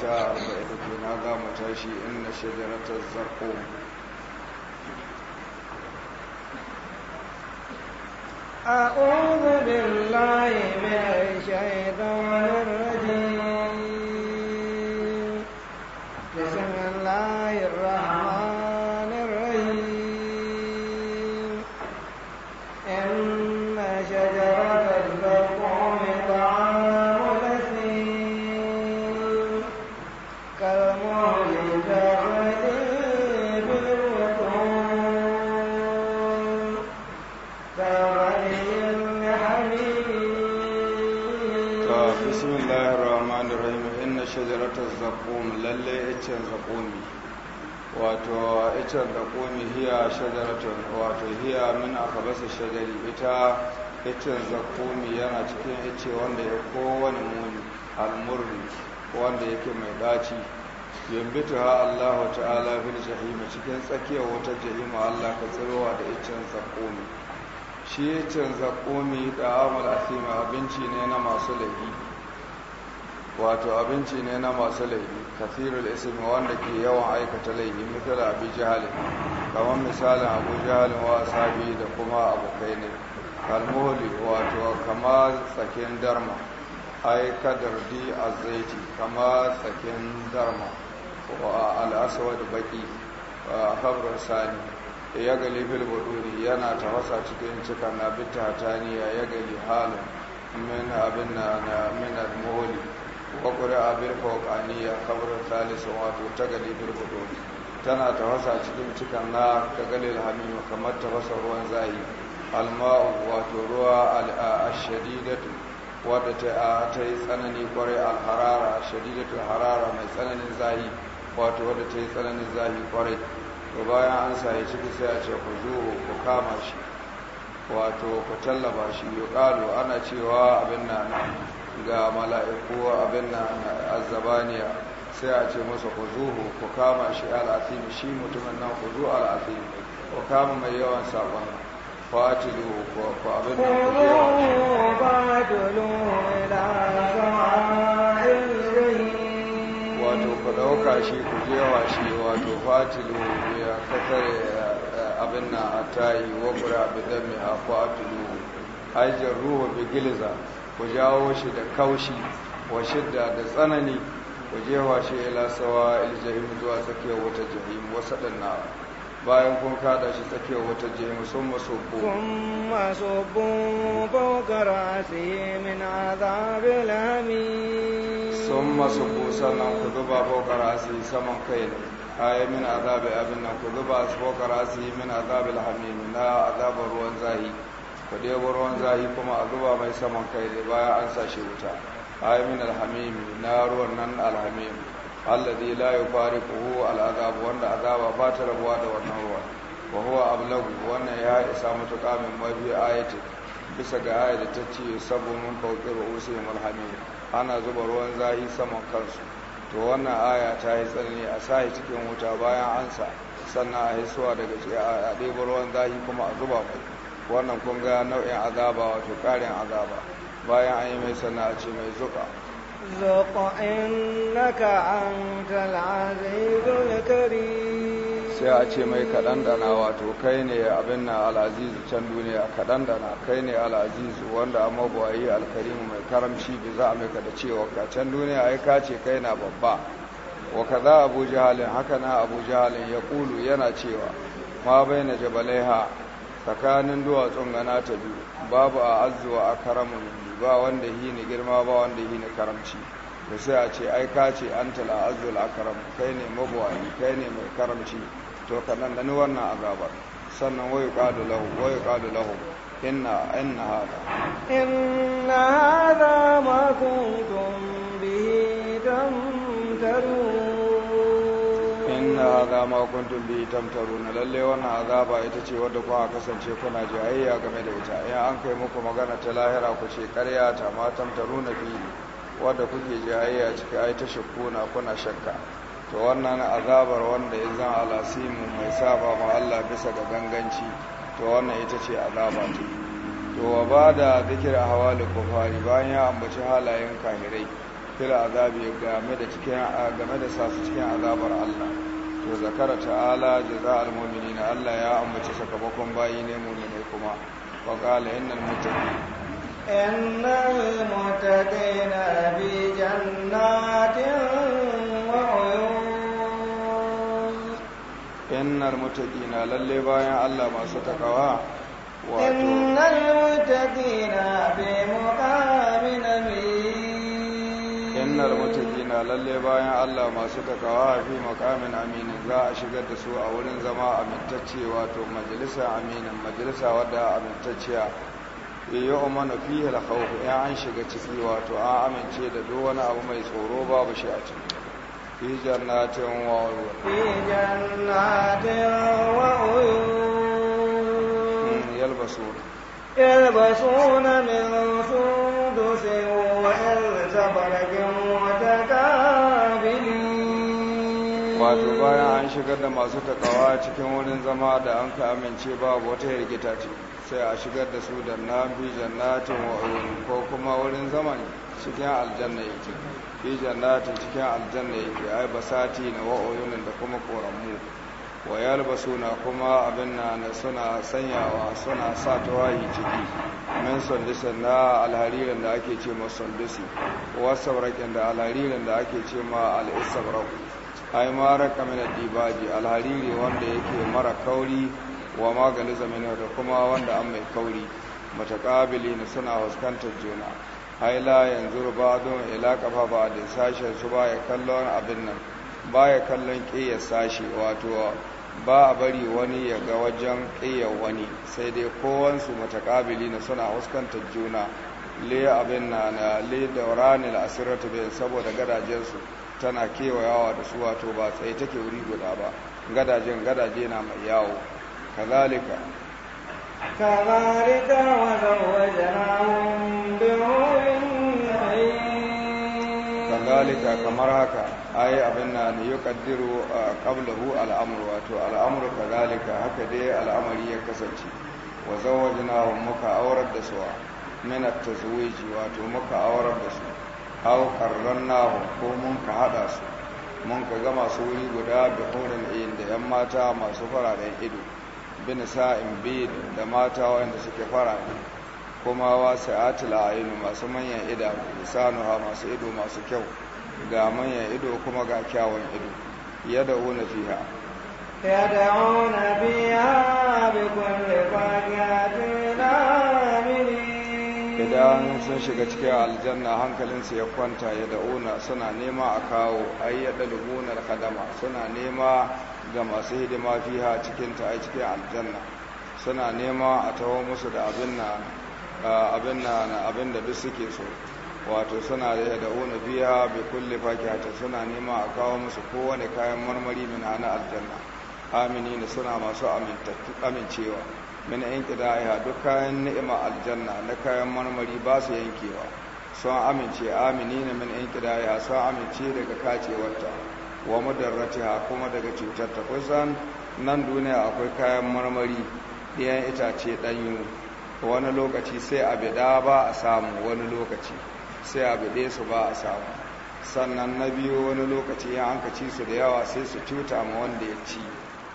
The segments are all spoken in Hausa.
ta arba'in kenan za mu tashi inna shajaratar zarko أعوذ بالله من الشيطان الرجيم komi wato itar da hiya shajaratun wato hiya min akabasa shajari ita itar da yana cikin ice wanda ya kowane muni almurri wanda yake mai daci ta ha allahu ta'ala bil jahima cikin tsakiyar wata jahima allah ka tsirowa da icen zakomi shi icen zakomi da amal asima abinci ne na masu laifi wato abinci ne na masu laifi kathirul ismi wanda ke yawan aikata laifi misali abu jihalin kamar misalin abu jihalin wa sabi da kuma abokai ne kalmoli wato kama tsakin darma ai di a zaiti kama tsakin darma wa al'asawar baki a habrar sani ya gali filbuduri yana tafasa cikin cikin abin tataniya ya gali halin min abin na min al-moholi bakwai a birfawar a kabarin salisun wato ta gali birfudu tana ta wasa cikin cikin na ka galil hamimu kamar ta wasa ruwan zai alma'u wato ruwa a shadidatu wadda ta yi tsanani kwarai alharara shadidatu harara mai tsananin zai wato wadda ta yi tsananin zai kwarai to bayan an saye ciki sai a ce ku zuhu ku kama shi wato ku tallaba shi yuqalu ana cewa abin na ga mala'iku abin na azabaniya sai a ce musu ku zuhu ku kama shi al'asim shi mutumin nan ku zu al'asim ku kama mai yawan fati fatilu ku abin na ku je wato ku ɗauka shi ku jewa shi wato fatilu ya kakare eh, eh, abin na a tayi wa ƙura bidan mai hafa tulu ajiyar ruhu bi ku jawo shi da kaushi wa shidda da tsanani ku jefa shi ila sawa jahim zuwa tsakiyar wata jahim wasu na bayan kun kada shi tsakiyar wata jahim sun maso bu kun maso bu sai min azabil lami. sun maso bu sannan ku zuba bogara sai saman kai ne ayi min azabi abin nan ku zuba bogara sai min azabil hamim na azabar ruwan zahi ku ɗebo ruwan zahi kuma a zuba mai saman kai da bayan an sa shi wuta ai min alhamimi na ruwan nan alhamimi alladhi la yufariquhu al'azab wanda azaba ba ta rabuwa da wannan ruwan wa huwa ablagu wannan ya isa mutuƙa min mabi ayati bisa ga ayat da ta ce sabu mun fauƙi ru'usihim alhamim ana zuba ruwan zahi saman kansu to wannan aya ta yi tsanani a sa cikin wuta bayan an sa sannan a suwa daga ce a ɗebo ruwan zahi kuma a zuba mai wannan kun ga nau'in azaba wato ƙarin azaba bayan an yi mai sana'a ce mai zuƙa zuƙa innaka an azizul kari. sai a ce mai kaɗan wato kai ne abin na al'azizu can duniya kaɗan kai ne al'azizu wanda amma buwayi alkarimu mai karamci bi za a mai da cewa ka can duniya ai ka ce kai na babba wa kaza abu jahalin haka na abu jahalin ya ƙulu yana cewa ma bai na jabalai tsakanin duwatsun gana ta biyu babu a azuwa a karamin ba wanda hi ne girma ba wanda hi ne karamci da sai a ce ai ka ce an tala azul akaram kai ne mabuwayi kai ne mai karamci to ka nan da wannan azabar sannan wai qadu lahu wai qadu lahu inna inna hada inna hada ma kuntum bihi tamtarun inna hadha ma kuntum bi tamtaruna lalle wannan azaba ita ce wadda kuka kasance kuna jayayya game da ita in an kai muku magana ta lahira ku ce ƙarya ta ma tamtaruna bi wadda kuke jayayya ciki ai ta shakkuna kuna shakka to wannan azabar wanda ya zan alasimu mai saba ma Allah bisa ga ganganci to wannan ita ce azaba ta to wa bada zikir ahwali kufari bayan ya ambaci halayen kahirai kira azabi game da cikin game da sasu cikin azabar Allah wa zakara ta'ala mumini na Allah ya ambace sakamakon bayi ne mu'minai kuma wa qala innal muttaqin innal muttaqina bi jannatin wa uyun innal muttaqina lalle bayan Allah masu takawa wato innal muttaqina bi muqamin innal na lalle bayan Allah masu takawa fi makamin aminin za a shigar da su a wurin zama amintacce wato majalisa aminin majalisa wadda amintacciya yi umana fi halakau ya an shiga ciki wato an amince da duk wani abu mai tsoro babu shi a ciki fi jannatin wa uyun yalbasu يلبسون من سندس وإن زبرجهم wato bayan an shigar da masu takawa cikin wurin zama da an ka amince ba wata yargita ce sai a shigar da su da na bi jannatin wa'uyun ko kuma wurin zaman cikin aljanna yake bi jannatin cikin aljanna yake ai basati na wa'uyunin da kuma koranmu wa yalbasu na kuma abin na na suna sanyawa suna sa tawayi ciki min sundusin na alharirin da ake ce ma sundusi wasu da alharirin da ake ce ma al'isabraku ai mara kamar dibaji alhariri wanda yake mara kauri wa maganin zamanin da kuma wanda an mai kauri matakabili na suna huskantar juna haila yanzu ba don ilaka ba da sashen su ba ya kallon abin nan ba ya kallon ƙiyar sashe wato ba a bari wani ya ga wajen ƙiyar wani sai dai kowansu matakabili na suna huskantar juna le abin na le da ranar asiratu bin saboda gadajensu tana kewayawa da su wato ba tsaye take wuri guda ba gadajen gadaje na mai yawo kazalika wajen kazalika wa zawajen kazalika kamar haka ai abin na ne yi kaddiro a uh, kablahu al'amur wato al'amur kazalika haka dai al'amari ya kasance wajen wa zawajen muka aurar da suwa minar ta zuwe wato muka aurar da suwa aw qarrannahu ko mun ka hada su mun ka ga masu wuri guda da horin ayin da yan mata masu fararen ido bin sa'in bi da mata wanda suke farare kuma wasu atila ayinu masu manyan ida ha masu ido masu kyau ga manyan ido kuma ga kyawun ido yada una fiha yad'una biya bi kulli fakihatin sun shiga cikin aljanna hankalinsu ya kwanta ya da'una suna nema a kawo ayyada lubunar kadama suna nema ga masu hidima fiha cikin ta cikin aljanna suna nema a taho musu da abin na abin da duk suke so wato suna da da'una biya bai kulle fakiyata suna nema a kawo musu kowane kayan marmari min ana aljanna amini suna masu amincewa min inqidaiha duk kayan ni'ima aljanna na kayan marmari ba su yankewa sun amince amini aminina min inqidaiha sun amince daga kacewarta wa mudarratiha kuma daga cutarta kusan nan duniya akwai kayan marmari ɗayan itace ɗanyu wani lokaci sai a bida ba a samu wani lokaci sai a bide su ba a samu sannan na biyu wani lokaci ya an ci su da yawa sai su cuta ma wanda ya ci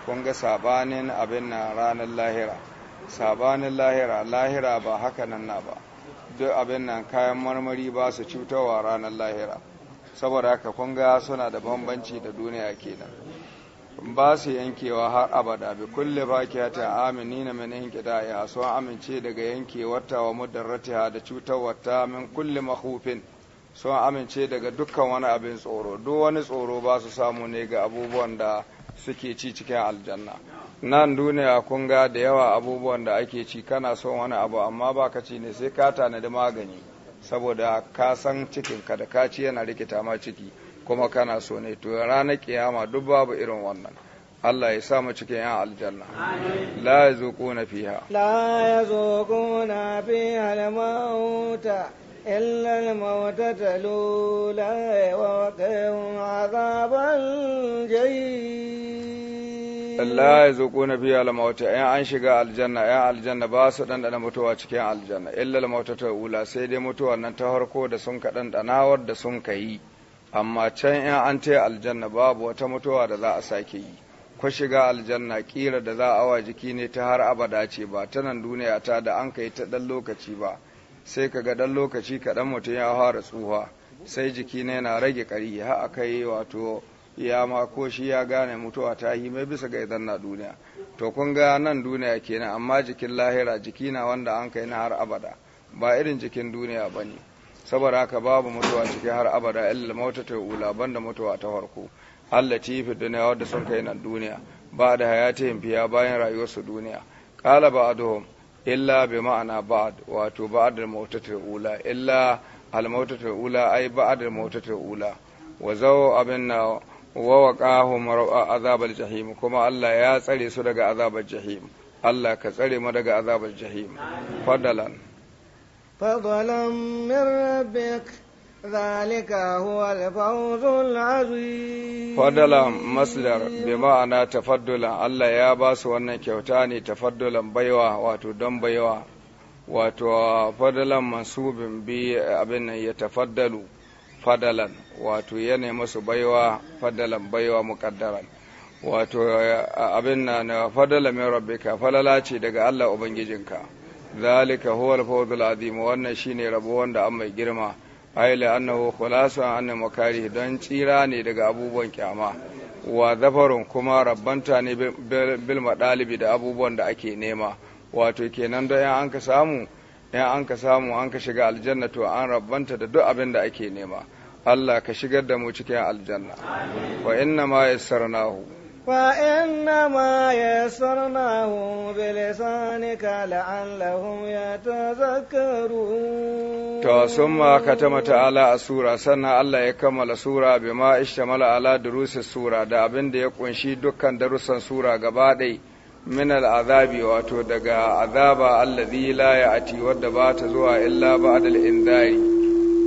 kun ga sabanin abin na ranar lahira sabanin lahira lahira ba haka nan na ba duk abin nan kayan marmari ba su cutarwa ranar lahira saboda haka kunga suna da bambanci da duniya kenan ba su yankewa har abada bi kulle fakiya ta na min ya sun amince daga yankewarta wa mudarratiha da cutarwarta min kulle mahufin sun amince daga dukkan wani abin tsoro duk wani tsoro ba su samu ne ga abubuwan da suke ci cikin aljanna nan duniya kun ga da yawa abubuwan da ake ci kana son wani abu amma baka ci ne sai ka tana da magani saboda ka san cikin ka da ka ci yana rikita ma ciki kuma kana so ne to ranar kiyama duk babu irin wannan Allah ya sa mu cikin yan aljanna la yazuquna fiha la yazuquna fiha al-mauta illa al lula wa qahum azaban jayy la ko na biya lamauta ay an shiga aljanna yan aljanna ba su dan dana mutuwa cikin aljanna illa lamauta ta ula sai dai mutuwa nan ta harko da sun ka dan danawar da sun kai amma can in an ta aljanna babu wata mutuwa da za a sake yi ko shiga aljanna kira da za a wa jiki ne ta har abada ce ba ta nan duniya ta da an kai ta dan lokaci ba sai ka ga dan lokaci kaɗan mutum ya fara tsuha sai jiki ne na rage ƙari har a kai wato ya ma ko shi ya gane mutuwa ta yi mai bisa ga idan na duniya to kun ga nan duniya kenan amma jikin lahira jiki na wanda an kai na har abada ba irin jikin duniya ba ne saboda haka babu mutuwa cikin har abada illa mauta ta ula banda mutuwa ta farko Allah ci fi duniya wadda sun kai nan duniya ba da hayatin fiya bayan rayuwarsu duniya qala ba'duhum illa bi ma'ana ba'd wato ba'd al-mauta ta ula illa al ta ula ai ba'd al-mauta ta ula wa abin na wa waqahum azabal jahim kuma Allah ya tsare su daga azabar jahim Allah ka tsare mu daga azabar jahim fadalan fadalan min rabbik ذلك هو الفوز العظيم فضلا مصدر بمعنى تفضلا الله يا باس wannan kyauta ne tafaddulan baiwa wato don baiwa wato fadalan mansubin bi abin ya tafadalu fadalan wato ya masu su baiwa fadalan baiwa muqaddaran wato abin na fadala min rabbika falala ce daga Allah ubangijinka zalika huwa al-fawzul azim wannan shine rabo wanda an mai girma ay annahu khulasa an makari dan tsira ne daga abubuwan kyama wa zafarun kuma rabbanta ne bil madalibi da abubuwan da ake nema wato kenan don yan an ka samu yan an ka samu an ka shiga aljanna to an rabbanta da duk abin da ake nema Allah ka shigar da mu cikin aljanna wa inna ma yassarnahu وإنما يسرناه بلسانك لعلهم يتذكرون to summa katama ta'ala a sura sannan Allah ya kammala sura ma ishtamala ala durusi sura da abin da ya kunshi dukkan darussan sura gaba ɗai min al'azabi wato daga azaba allazi la ya'ati wadda ba ta zuwa illa ba'da al-indari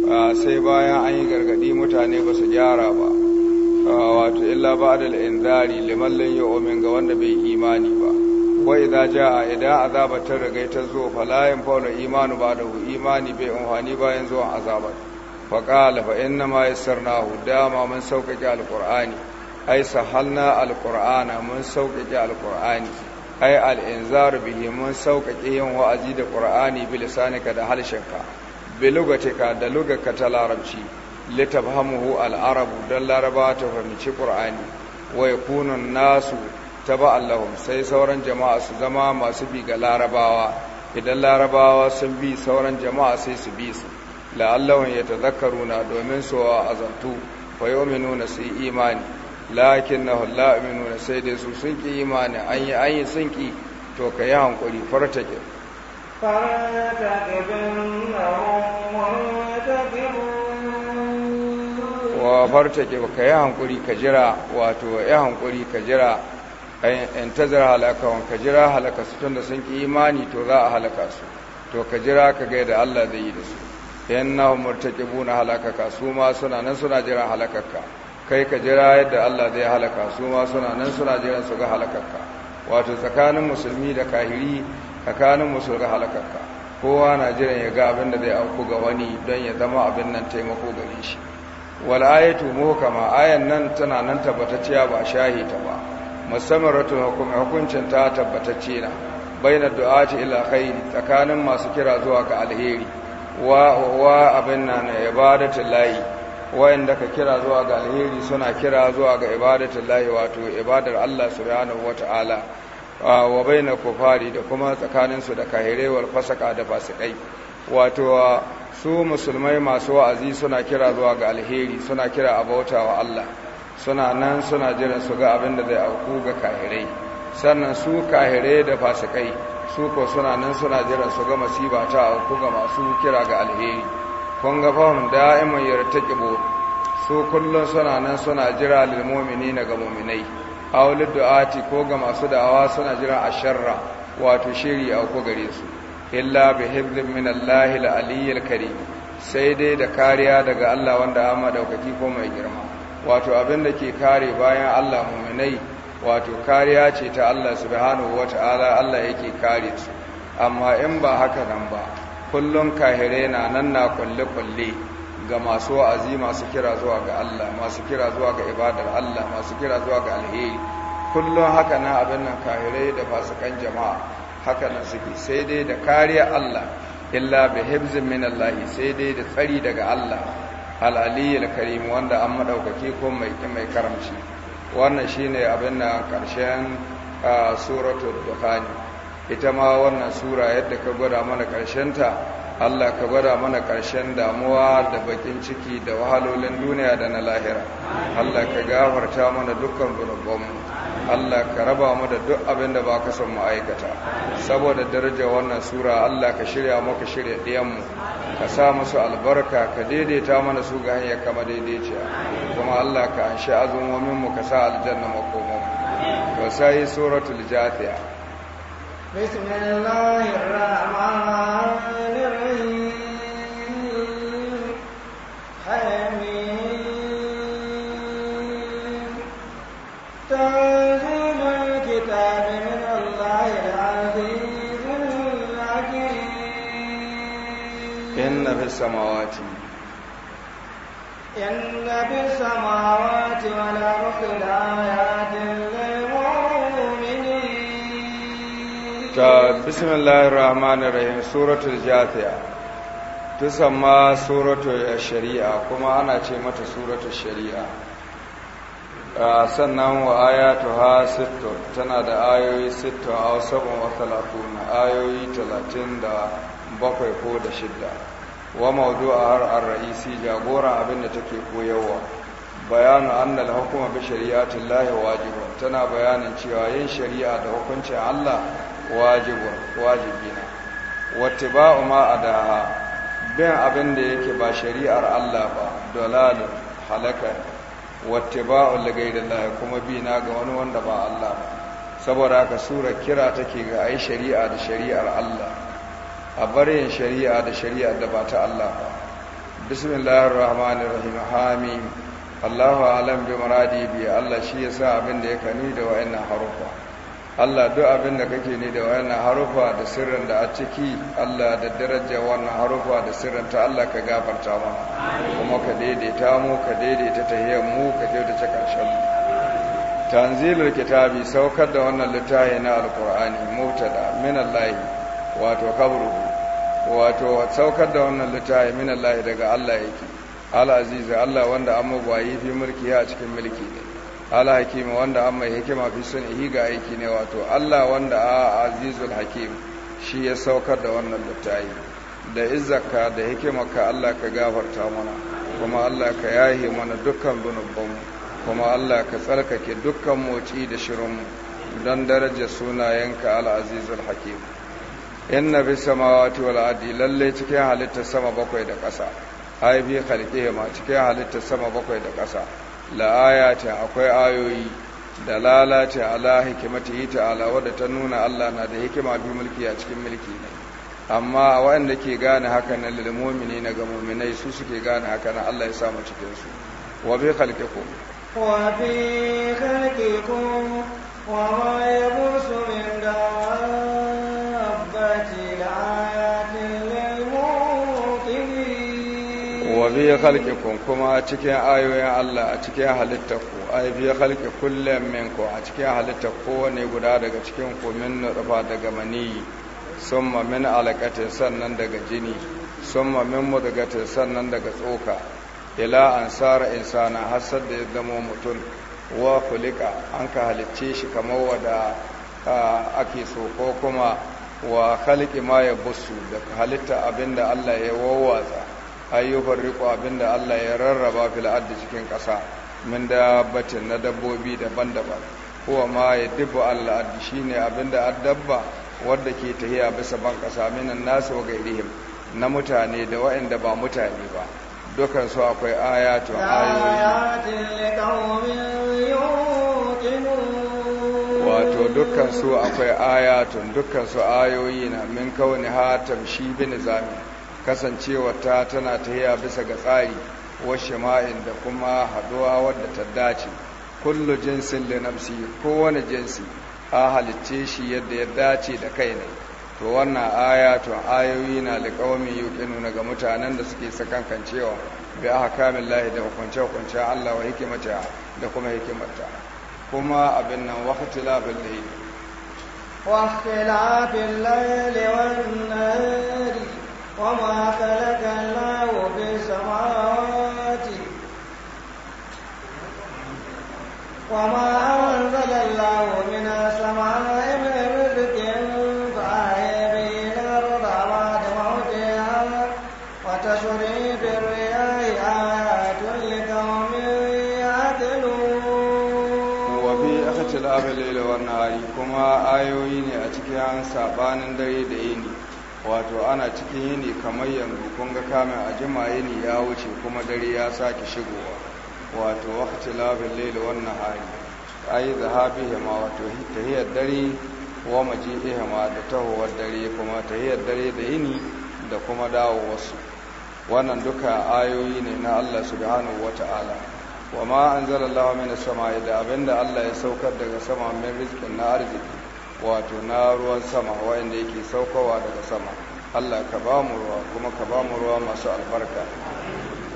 sai bayan an yi gargadi mutane ba su gyara ba wato illa ba da inzari liman lan omen ga wanda bai imani ba wa idza a idan azaba ta riga ta zo fala yan fauna imanu ba da imani bai umfani bayan zuwa azabar fa qala fa inna ma yassarnahu dama mun sauƙaƙe alqur'ani ai sahalna alqur'ana mun sauƙaƙe alqur'ani ai al bihi mun sauƙaƙe yin wa'azi da qur'ani bilisanika da halshinka bi lugatika da lugarka ta larabci litafhamuhu al-arabu dan laraba ta fahimci qur'ani wa yakunu nasu taba allahum sai sauran jama'a su zama masu bi ga larabawa idan larabawa sun bi sauran jama'a sai su bi su la'allahum na domin su azantu fa yu'minuna su imani lakinnahu la yu'minuna sai dai su sun ki imani an yi an yi sun ki to kai hankuri fartake wa ke ka yi hankuri ka jira wato ya hankuri ka jira in tazar halaka wa, ka jira halaka su tunda sun ki imani to za a halaka su to ka jira ka ga da Allah zai yi da su na yanna murtaqibuna halakaka su ma suna nan suna jira halakaka kai ka jira yadda Allah zai halaka su ma suna nan suna jira su ga halakaka wato tsakanin musulmi da kahiri tsakanin musu ga halakarka kowa na jiran ya ga abin da zai auku ga wani don ya zama abin nan taimako gare shi wal ayatu muhkama ayan nan tana nan tabbatacciya ba shahi ta ba musamman ratun hukuncin ta tabbatacce na baina du'ati ila khairi tsakanin masu kira zuwa ga alheri wa wa abin nan ibadatul lahi wayanda ka kira zuwa ga alheri suna kira zuwa ga ibadatu lahi wato ibadar Allah subhanahu wataala wa na kufari da kuma tsakaninsu da kahirewar fasaka da fasikai wato su musulmai masu wa'azi suna kira zuwa ga alheri suna kira abauta wa Allah suna nan suna jiran su ga abin da zai auku ga kahirai sannan su kahire da fasikai su ko suna nan suna jiran su ga masiba ta auku ga masu kira ga alheri kun ga fahim da'iman yartaqibu su kullun suna nan suna jira lil mu'minina ga mu'minai awul du'ati ko ga masu da'awa suna jira a sharra wato shiri a ko gare su illa bi hibrin min Allah al-aliyyil karim sai dai da kariya daga Allah wanda amma daukaki ko mai girma wato abin da ke kare bayan Allah mu'minai wato kariya ce ta Allah subhanahu wata'ala Allah yake kare su amma in ba haka nan ba kullun kahire na nan na kulle kulle ga masu wa'azi masu kira zuwa ga Allah masu kira zuwa ga ibadar Allah masu kira zuwa ga alheri kullum haka na abin nan kahirai da fasikan jama'a haka nan suke sai dai da kariya Allah illa bi hibzin min Allah sai dai da tsari daga Allah al-aliyyil karim wanda an madaukake ko mai mai karamci wannan shine abin nan karshen ah, suratul dukhani ita ma wannan sura yadda ka gwada mana karshen ta Allah ka gwada mana ƙarshen damuwa da bakin ciki da wahalolin duniya da na lahira Allah ka gafarta mana dukkan zunubanmu Allah ka raba mu da duk abin da ba ka son mu aikata saboda daraja wannan sura Allah ka shirya maka shirya ɗiyanmu ka sa musu albarka ka daidaita mana su ga hanyar kama daidaiciya kuma Allah ka anshi azumominmu ka sa aljanna makomanmu to sai suratul jafiya السماوات إن في السماوات والأرض لآيات للمؤمنين بسم الله الرحمن الرحيم سورة الجاثية تسمى سورة الشريعة كما أنا تيمة سورة الشريعة sannan wa ayatu ha sittun tana da ayoyi sittun a sabon wa talatun ayoyi talatin da bakwai ko da shidda wa mawdu'ar ar-ra'isi jagoran abinda take koyawa bayanu anna al-hukma bi shari'ati Allah wajibun tana bayanin cewa yin shari'a da hukuncin Allah wajibun wajibina wattiba'u ma adaha bin abin yake ba shari'ar Allah ba ba halaka wattiba'u li kuma bi na ga wani wanda ba Allah ba saboda haka sura kira take ga ai shari'a da shari'ar Allah a bar yin shari'a da shari'a da ba ta Allah ba bismillahir rahmanir rahim amin. Allahu alam bi maradi bi Allah shi yasa abin da yake ni da wayannan harufa Allah duk abin da kake ni da wayannan harufa da sirrin da a ciki Allah da daraja wannan harufa da sirrin ta Allah ka gafarta mana kuma ka daidaita mu ka daidaita tahiyyar mu ka kyautata karshen mu tanzilul kitabi saukar da wannan littafi na alqur'ani mubtada min Allah wato kabruhu wato saukar da wannan littafi min Allah daga Allah yake al-aziz Allah wanda amma gwayi fi mulki a cikin mulki ne al-hakim wanda amma hikima fi sunhi ga aiki ne wato Allah wanda azizul hakim shi ya saukar da wannan littafi da izzaka da hikimarka Allah ka gafarta mana kuma Allah ka yahi mana dukkan zunubanmu kuma Allah ka tsarkake dukkan moci da shirinmu don darajar sunayenka al-azizul hakim inna bi samawati wal ardi lalle cikin halittar sama bakwai da ƙasa ai bi ma cikin halittar sama bakwai da ƙasa la ayati akwai ayoyi da lalace ala ta ala wadda ta nuna Allah na da hikima bi mulki a cikin mulki ne amma waɗanda ke gane haka na lil na ga mu'minai su suke gane haka na Allah ya samu cikin su wa bi khalqikum wa bi khalqikum wa ma yabsu min da fi kun kuma cikin ayoyin Allah a cikin halittarku ay fi khalqi kullum minku a cikin halittar kowane guda daga cikin ku min nutfa daga maniyi summa min alaqatin sannan daga jini summa min mudgatin sannan daga tsoka ila ansara insana hasad da ya zama mutum wa kulika an ka halicce shi kamar wada ake so ko kuma wa khalqi ma busu da halitta abinda Allah ya wawwatsa ayyufar riko abinda Allah ya rarraba fil ardi cikin ƙasa min dabbatin na dabbobi daban-daban huwa ma ya dubba Allah ardi shine abinda addabba wadda ke tahiya bisa ban ƙasa minan nasu wa gairihim na mutane da wa'inda ba mutane ba dukan su akwai ayatu ayoyi wato dukkan su akwai ayatun dukkan su ayoyi na min kauni hatam shi bin zami. kasancewa ta tana tahiya bisa ga tsari wa shima'in da kuma haduwa wadda ta dace kullu jinsin linafsi kowane jinsi a halicce shi yadda ya dace da kai ne to wannan aya to ayoyi na liqaumin nuna ga mutanen da suke sakankancewa bi ahkamin lahi da hukunce hukunce Allah wa hikimata da kuma hikimarta kuma abin nan waqtila bil layl واختلاف وما خلق الله في السماوات وما أنزل الله من السماء من رزق فأحيا به الأرض بعد موتها وتصريف الرياح آيات لقوم يعقلون وفي اختلاف الليل والنهار كما آيوين أتكيان سابان دريدين wato ana cikin yini kamar yanzu kun ga kamin a jima yini ya wuce kuma dare ya sake shigowa wato wakati labin laila wannan hari ai hema wato tahiyar dare wa hema da tahowar dare kuma tahiyar dare da yini da kuma dawo wasu. wannan duka ayoyi ne na Allah wata ala wa ma an anzalallahu minas sama'i da abinda Allah ya saukar daga sama min rizkin na arziki wato na ruwan sama wa'anda yake saukowa daga sama Allah ka ba mu ruwa kuma ka ba mu ruwa masu albarka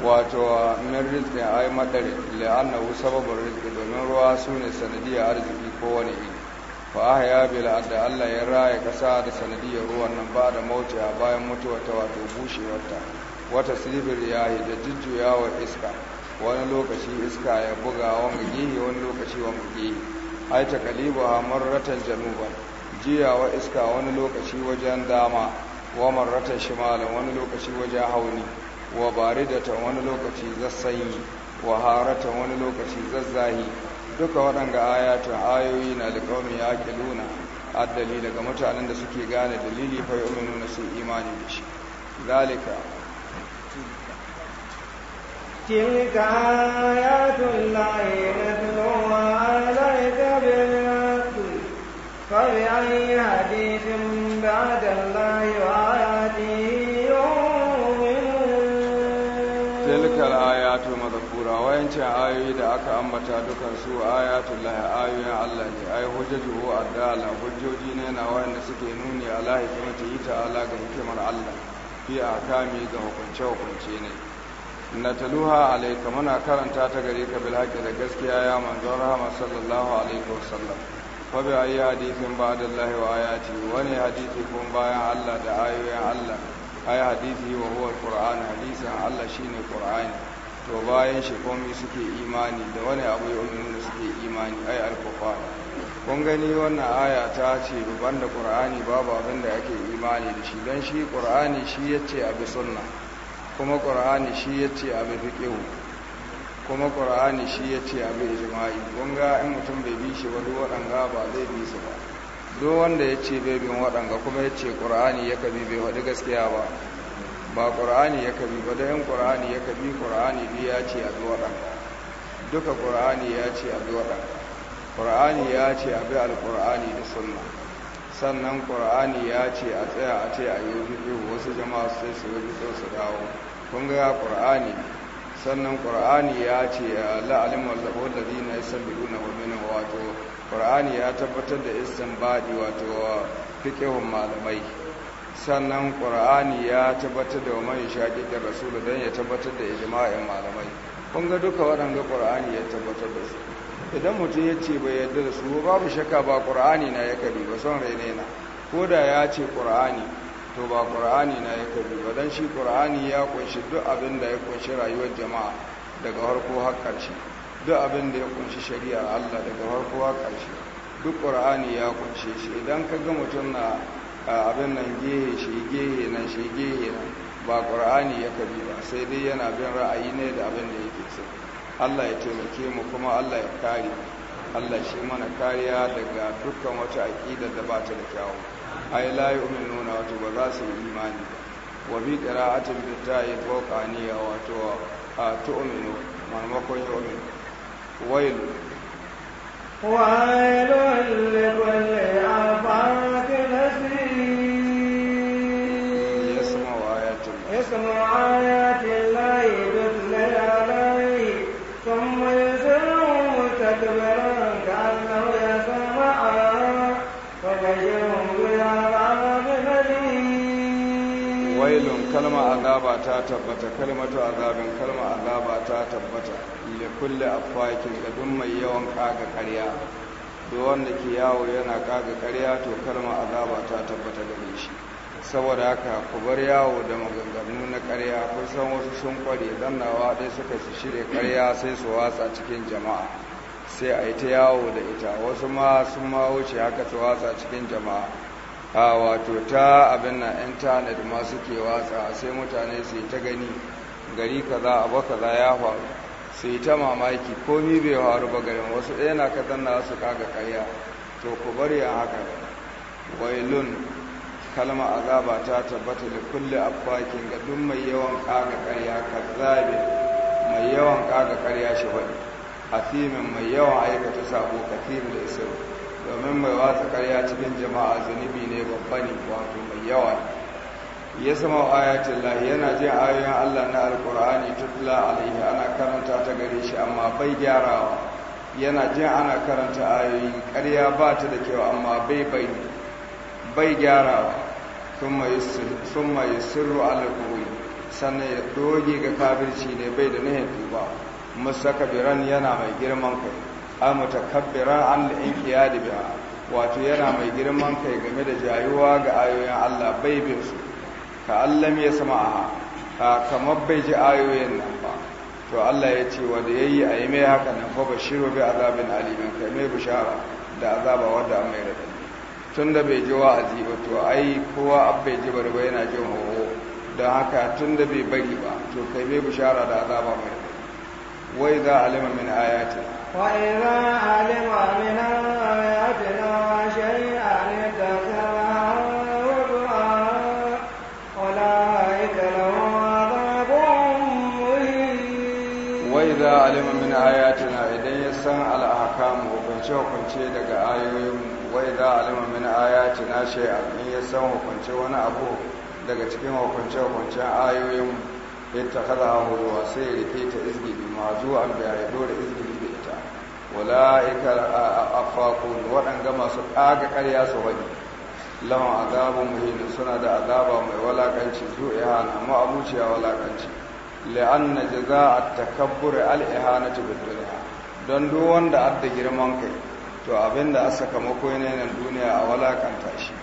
wato min rizqi ay madar li'annahu sababur rizki domin ruwa sune sanadiyar arziki ko wani iri fa ahya bil adda Allah ya raya kasa da sanadiyar ruwan nan ba da mauti a bayan mutuwa ta wato bushewarta wata silibir yi da jujjuyawa iska wani lokaci iska ya buga wani gihi wani lokaci wani gihi ai ta kaliba marratan januban jiyawa iska wani lokaci wajen dama wa marratan shimalan wani lokaci wajen hauni wa baridatan wani lokaci zassanyi wa haratan wani lokaci zazzahi duka waɗanga ayatun ayoyi na liƙaunin ya ƙiluna addali daga mutanen da suke gane dalili fa yi nuna su imani da shi zalika tilka ayatul lahi فبأي حديث بعد الله وآياته تلك الآيات مذكورة وإن آيوي da aka ambata dukan su ayatul lahi ayoyin Allah ne ai hujjaju adala hujjoji ne na wanda suke nuni ala hikimati ta'ala ga hikimar Allah fi akami ga hukunce hukunce ne na taluha alaika muna karanta ta gare ka bil da gaskiya ya manzon rahama sallallahu alaihi fabi ayi hadisin ba'da Allah wa ayati wani hadisi kun bayan Allah da ayoyin Allah ay hadisi wa huwa alquran hadisin Allah shine Kur'ani to bayan shi mi suke imani da wani abu ya da suke imani ay alkufa kun gani wannan aya ta ce ruban da qur'ani babu abin da ake imani da shi dan shi qur'ani shi yace abi sunna kuma qur'ani shi yace abi fiqhu kuma ƙur'ani shi ya ce abin ijma'i kun ga in mutum bai bi shi ba duk waɗanga ba zai bi su ba duk wanda ya ce bai bin waɗanga kuma ya ce ƙur'ani ya kabi bai waɗi gaskiya ba ba ƙur'ani ya kabi ba da yan ƙur'ani ya kabi ƙur'ani bi ya ce abi waɗanga duka ƙur'ani ya ce abi waɗanga ƙur'ani ya ce abi alƙur'ani da sunna sannan ƙur'ani ya ce a tsaya a ce a yi wasu jama'a sai su yi wasu dawo kun ga ƙur'ani sannan ƙur'ani ya ce la'alim wallahu alladhina na wa na wato Ƙur'ani ya tabbatar da baɗi wato fiqhun malamai sannan ƙur'ani ya tabbatar da man shaqi da rasul don ya tabbatar da ijma'in malamai kun ga duka waɗanda ƙur'ani ya tabbatar da su idan mutum ya ce bai yarda da su babu shakka ba ƙur'ani na ya kari ba son raine na ko da ya ce ƙur'ani. to ba ƙur'ani na ya kabi ba don shi ƙur'ani ya kunshi duk abin da ya kunshi rayuwar jama'a daga harko har ƙarshe duk abin da ya kunshi shari'a Allah daga harko har ƙarshe duk ƙur'ani ya kunshi shi idan ka ga mutum na abin nan gehe shi gehe nan shi gehe nan ba ƙur'ani ya kabi ba sai dai yana bin ra'ayi ne da abin da yake so Allah ya taimake mu kuma Allah ya kare Allah shi mana kariya daga dukkan wata aƙida da ba ta da kyawu ai la nuna wato ba za su yi imani ba wa bi qira'atin bi ta'i a wato a tu'minu maimakon yu'min wail wailun li kulli afakin kalma azaba ta tabbata kalmatu azabin kalma azaba ta tabbata da kulle afakin ga duk mai yawan kaga ƙarya da wanda ke yawo yana kaga ƙarya to kalma azaba ta tabbata gare shi saboda haka ku bar yawo da maganganu na ƙarya kun san wasu sun kware zannawa dai suka su shirya ƙarya sai su watsa cikin jama'a sai a yi ta yawo da ita wasu ma sun ma wuce haka su watsa cikin jama'a a wato ta abin na intanet masu ke watsa sai mutane sai ta gani gari kaza abu kaza ya faru sai ta mamaki komi bai faru ba garin wasu ɗaya na kazan na su kaga karya to ku bari a haka wailun kalma azaba ta tabbata da kulle abbakin ga duk mai yawan kaga karya kazzabe mai yawan kaga karya shi faɗi asimin mai yawan aikata sabo da isru domin mai watsa karya cikin jama'a zunubi ne babba ne wato mai yawa ya sama ayatun lahi yana jin ayoyin Allah na alkur'ani tutla alaihi ana karanta ta gare shi amma bai gyarawa yana jin ana karanta ayoyi karya ba ta da kyau amma bai bai bai gyarawa sun mai sirru alkur'ani sannan ya doge ga kabirci ne bai da nahin tuba musakabiran yana mai girman kai a mutakabbira an al-inqiyad biha wato yana mai girman kai game da jayuwa ga ayoyin Allah bai bin su ka allami ya a ka kamar bai ji ayoyin nan ba to Allah ya ce wanda yayi a yi mai haka nan fa bashiru bi azabin alimin kai mai bishara da azaba wanda an mai radadi tun da bai ji wa'azi ba to ai kowa an bai ji bari ba yana jin hoho don haka tun da bai bari ba to kai mai bishara da azaba mai wai علم من lima وإذا علم wai آياتنا a da a na idan ya san hukunce-hukunce daga wai wani abu daga cikin hukunce-hukuncen ayoyin ita hada wa sai ya rike ta izgili ma zuwa da ya dora izgili da ita wala'ikar afakun waɗanga masu ƙaga ƙarya su wani lawan azabun muhimmin suna da azaba mai walakanci zuwa na ma'abuciya walakanci la'an na jaza a takabbur al'ihanatu bin duniya don duk wanda adda girman kai to abinda a sakamako ne nan duniya a walakanta shi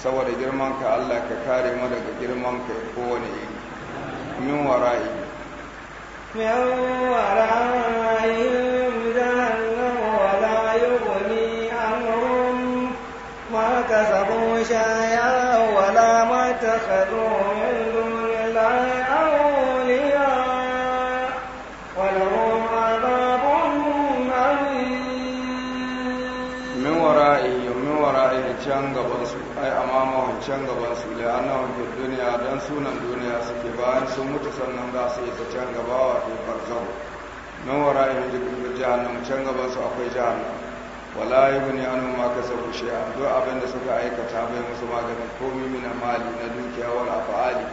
saboda girman ka allah ka kare mu daga girman kai kowane iri من ورائهم من ورائهم ولا يغني عنهم ما كسبوا شيئا ولا ما اتخذوا من can su ai wancan can gabansu da ana duniya don sunan duniya suke bayan sun mutu sannan za su yi ta can gaba wato barzan nan wara yi jikin jihannan can gabansu akwai jihannan wala yi guni an ma ka sabu shi a duk abin suka aikata bai musu maganin komi mina mali na dukiya wal fa'ali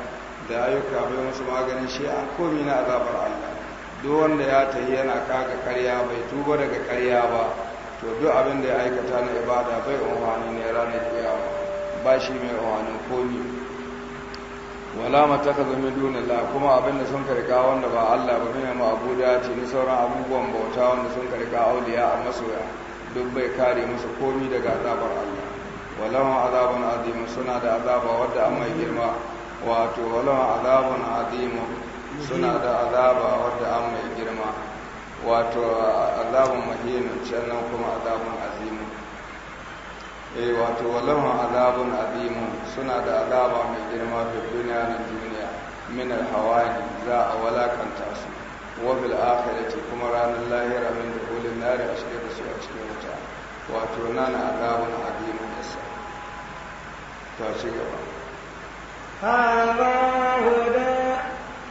da ayyuka bai musu magani shi a komi na azabar allah duk wanda ya tahi yana kaga karya bai tuba daga karya ba to duk abin da ya aikata na ibada bai umarni ne ranar kiyawa ba shi mai ko komi wala mataka zama la kuma abin da sun karka wanda ba Allah ba mai ma'abuda ce ni sauran abubuwan bauta wanda sun karka auliya a masoya duk bai kare musu komi daga azabar Allah Wala ma azabun azimu suna da azaba wadda an mai girma wato wala ma azabun azimu suna da azaba wadda an mai girma wato azabun mahimmi sannan kuma azabun azimu eh wato walahu azabun azimu suna da azaba mai girma da duniya da duniya min alhawaji za a walakanta su wa bil akhirati kuma ranar lahira min dukulin nari a shiga da su a cikin wuta wato nan azabun azimu yasa ta ci gaba هذا هدى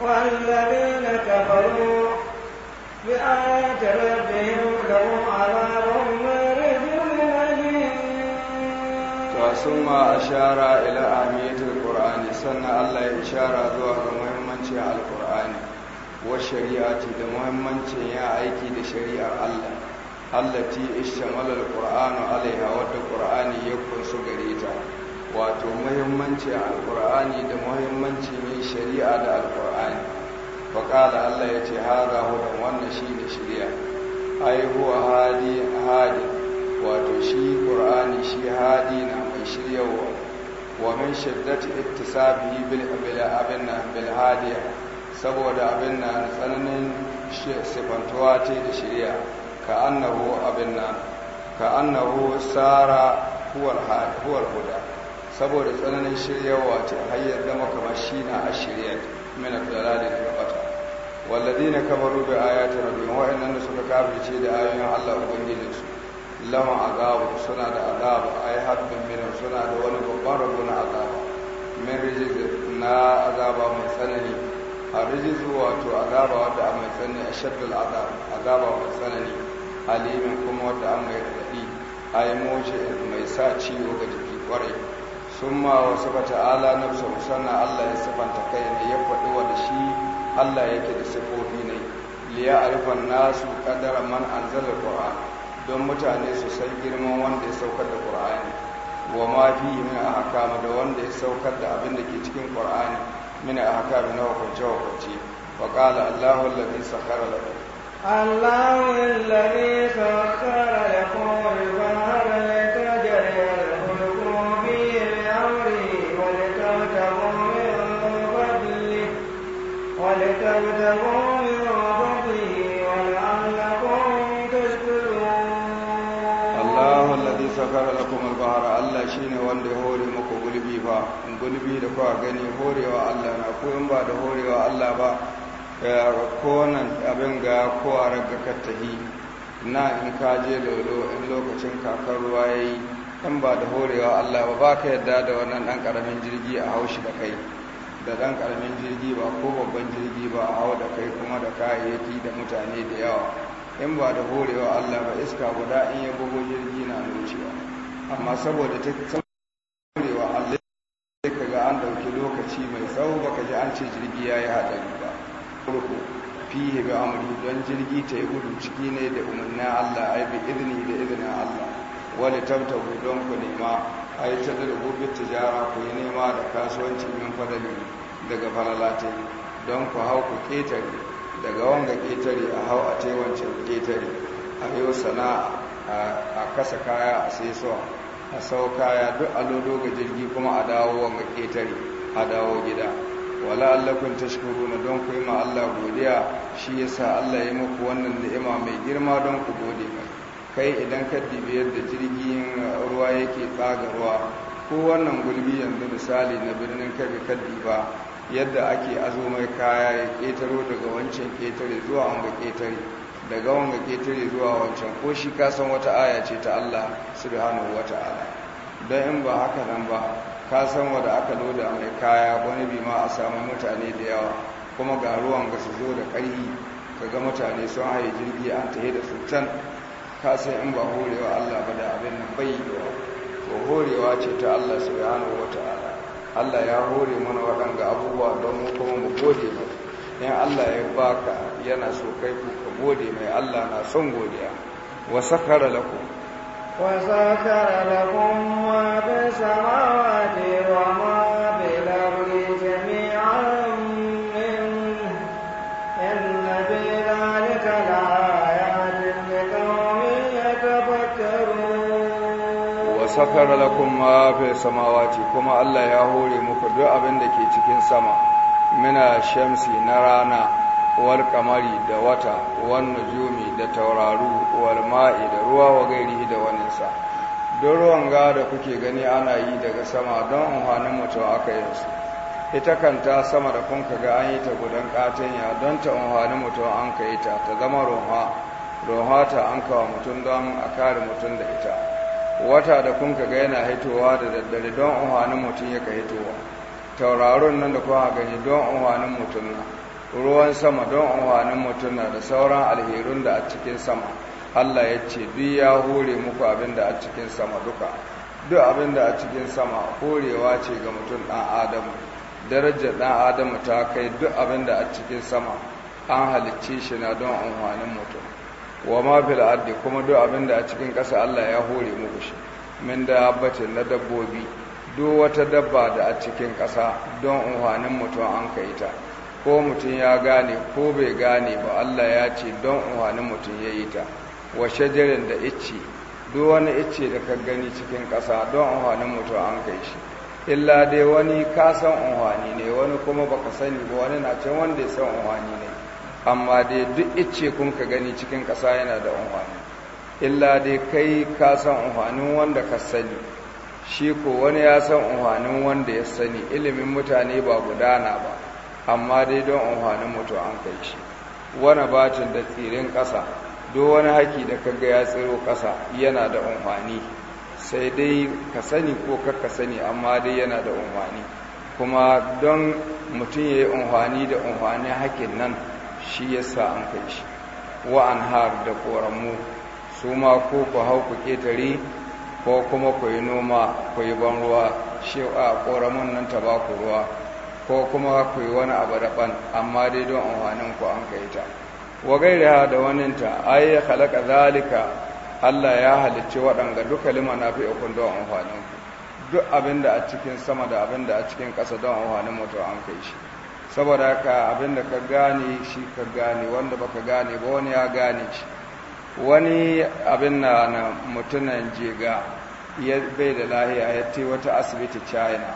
والذين كفروا بآيات ربهم لهم عذاب ثم أشار إلى أهمية القرآن سنة الله إشارة ذوها مهمة على القرآن والشريعة لمهمة يا أيكي لشريعة الله التي اشتمل القرآن عليها والقرآن يكون سجريتا wato muhimmanci alkur'ani da muhimmanci ne shari'a da alkur'ani faƙala Allah ya ce haza hudan wannan shi ne shirya ai hadi hadi wato shi ƙur'ani shi hadi na mai shiryawa wa min shiddati ittisabihi bil abil abin na bil hadiya saboda abin na tsananin sifantuwa ce da shirya ka annahu abin na ka annahu sara huwar huda saboda tsananin shiryawa ce har yadda makamar shi na a shirya min dalali daga walladina kafaru bi ayati rabbihim da suka kafirce da ayoyin Allah ubangijin su lahu azabu suna da azabu ay haddun min suna da wani babban rabo na azabu min rijiz na azaba mai tsanani a rijiz wato azaba wadda a mai tsanani a shaddal azaba mai tsanani alimin kuma wadda an mai raɗaɗi ay moce mai sa ciwo ga jiki kwarai summa wasu ta'ala nafsu musanna Allah ya sifanta kai ne ya faɗi wa da shi Allah yake da sifofi ne liya arifan nasu kadara man anzala qur'an don mutane su san girman wanda ya saukar da qur'ani wa ma fihi min ahkam da wanda ya saukar da abin da ke cikin qur'ani min ahkam na hukunce hukunce wa qala Allahu allazi sakhara lakum Allahu allazi sakhara lakum al-bahra fa gulbi da kwa gani horewa Allah na ko in ba da horewa Allah ba ko nan abin ga ko a raga kattahi na in ka je lolo in lokacin kakar ruwa ya yi in ba da horewa Allah ba ba ka yadda da wannan ɗan ƙaramin jirgi a haushi da kai da ɗan ƙaramin jirgi ba ko babban jirgi ba a hau da kai kuma da kayayyaki da mutane da yawa in ba da horewa Allah ba iska guda in ya bugo jirgi na nucewa amma saboda ta lokaci mai tsawo baka ji an ce jirgi ya yi haɗari ba kurku fihe bi amuri don jirgi ta yi gudu ciki ne da umarnin allah ai bi izini da izinin allah wani tabtabu don ku nema a yi ta da rububin tijara ku yi nema da kasuwanci min fadali daga falalata don ku hau ku ketare daga wanga ketare a hau a taiwancin ketare a yau sana'a a kasa kaya a sai a sau kaya duk a lodo ga jirgi kuma a dawo wanga ketare a dawo gida wala allakun na don ku yi ma Allah godiya shi yasa Allah ya muku wannan ni'ima mai girma don ku gode mai kai idan ka dibi yadda jirgin ruwa yake tsagarwa ko wannan gulbi yanzu misali na birnin kabi ka diba yadda ake azo mai kaya ya ketaro daga wancan ketare zuwa wanga ketare daga wanga ketare zuwa wancan ko shi kasan wata aya ce ta Allah subhanahu wata'ala don in ba haka nan ba ka san wanda aka loda mai kaya wani bi ma a samu mutane da yawa kuma ga ruwan ga su zo da ƙarfi ka ga mutane sun haye jirgi an tahe da su can ka san in ba horewa Allah ba da abin nan bai wa to horewa ce ta Allah wata ala Allah ya hore mana waɗanga abubuwa don mu kuma mu gode ba in Allah ya baka yana so kai ku ka gode mai Allah na son godiya wa sakara lakum Wasakar alƙumma bai samawa ɗerowa, bai ce, kuma Allah ya hore muku duk abin da ke cikin sama. mina shamsi na rana, warƙa kamari da wata, wannan jumi da tauraru. walma'i da ruwa wa gairihi da waninsa don ruwan ga da kuke gani ana yi daga sama don amfanin mutum aka yi su ita kanta sama da kun ga an yi ta gudan katanya don ta amfanin mutum an ka yi ta ta zama roha roha ta an kawo mutum don a kare mutum da ita wata da kun ga yana hitowa da daddare don amfanin mutum ya ka hitowa tauraron nan da kuma gani don amfanin mutum na ruwan sama don amfanin mutum na da sauran alherun da a cikin sama Allah ya ce duk ya hore muku abin da a cikin sama duka duk abin da a cikin sama horewa ce ga mutum ɗan adamu darajar ɗan adamu ta kai duk abin da a cikin sama an halicce shi na don amfanin mutum wa ma fil ardi kuma duk abin da a cikin ƙasa Allah ya hore muku shi min abacin na dabbobi duk wata dabba da a cikin ƙasa don amfanin mutum an kai ta ko mutum ya gane ko bai gane ba Allah ya ce don amfanin mutum ya yi ta wa shajarin da icce duk wani icce da ka gani cikin ƙasa don amfanin mutum an kai shi illa dai wani ka san amfani ne wani kuma baka sani ba wani na can wanda ya san amfani ne amma dai duk icce kun ka gani cikin ƙasa yana da amfani illa dai kai ka san amfanin wanda ka sani shi ko wani ya san amfanin wanda ya sani ilimin mutane ba gudana ba amma dai don amfanin mutum an kai shi wani batin da tsirin ƙasa duk wani haki da kaga ya tsiro ƙasa yana da umfani sai dai ka sani ko ka sani amma dai yana da umfani kuma don mutum ya yi umfani da umfani hakin nan shi ya sa an kai shi wa'an har da ƙoramu su ma ko ku hau ku ƙetare ko kuma ku yi noma ku yi ban ruwa shi a ƙoramin nan ta ba ku ruwa ko kuma ku yi wani abu daban amma dai don umfanin ku an kai ta wa gaira da waninta ai khalaqa zalika Allah ya halicci waɗanga duka limana fi ukun don amfanin ku duk abin da a cikin sama da abin da a cikin ƙasa don amfanin mutum an kai shi saboda haka abin da ka gane shi ka gane wanda baka gane ba wani ya gane shi wani abin na na mutunan jega ya bai da lahiya ya ce wata asibiti china